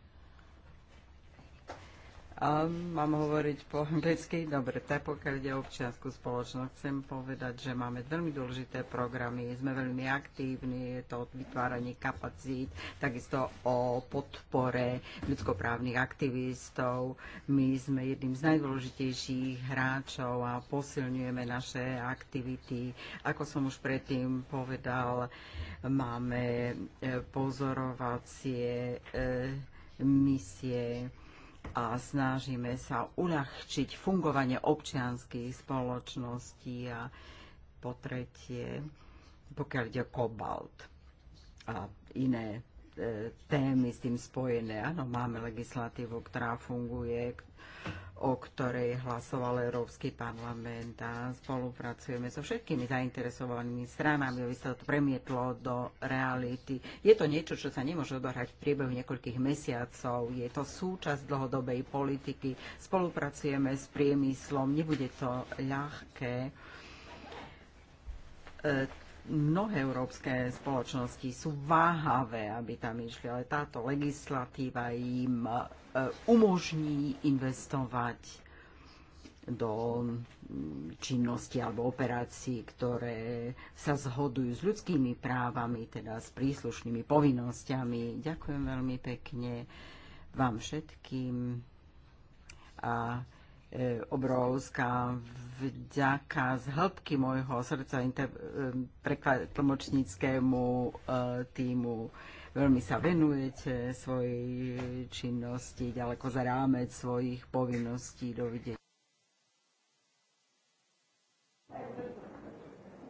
A mám hovoriť po anglicky? Dobre, tak pokiaľ ide o občianskú spoločnosť, chcem povedať, že máme veľmi dôležité programy, sme veľmi aktívni, je to o vytváraní kapacít, takisto o podpore ľudskoprávnych aktivistov. My sme jedným z najdôležitejších hráčov a posilňujeme naše aktivity. Ako som už predtým povedal, máme e, pozorovacie e, misie a snažíme sa uľahčiť fungovanie občianských spoločností a po tretie, pokiaľ ide kobalt a iné e, témy s tým spojené. Áno, máme legislatívu, ktorá funguje, o ktorej hlasoval Európsky parlament a spolupracujeme so všetkými zainteresovanými stranami, aby sa to premietlo do reality. Je to niečo, čo sa nemôže odohrať v priebehu niekoľkých mesiacov. Je to súčasť dlhodobej politiky. Spolupracujeme s priemyslom. Nebude to ľahké e, mnohé európske spoločnosti sú váhavé, aby tam išli, ale táto legislatíva im e, umožní investovať do činnosti alebo operácií, ktoré sa zhodujú s ľudskými právami, teda s príslušnými povinnosťami. Ďakujem veľmi pekne vám všetkým a obrovská vďaka z hĺbky môjho srdca tlmočníckému e, týmu. Veľmi sa venujete svojej činnosti ďaleko za rámec svojich povinností. Dovidenia.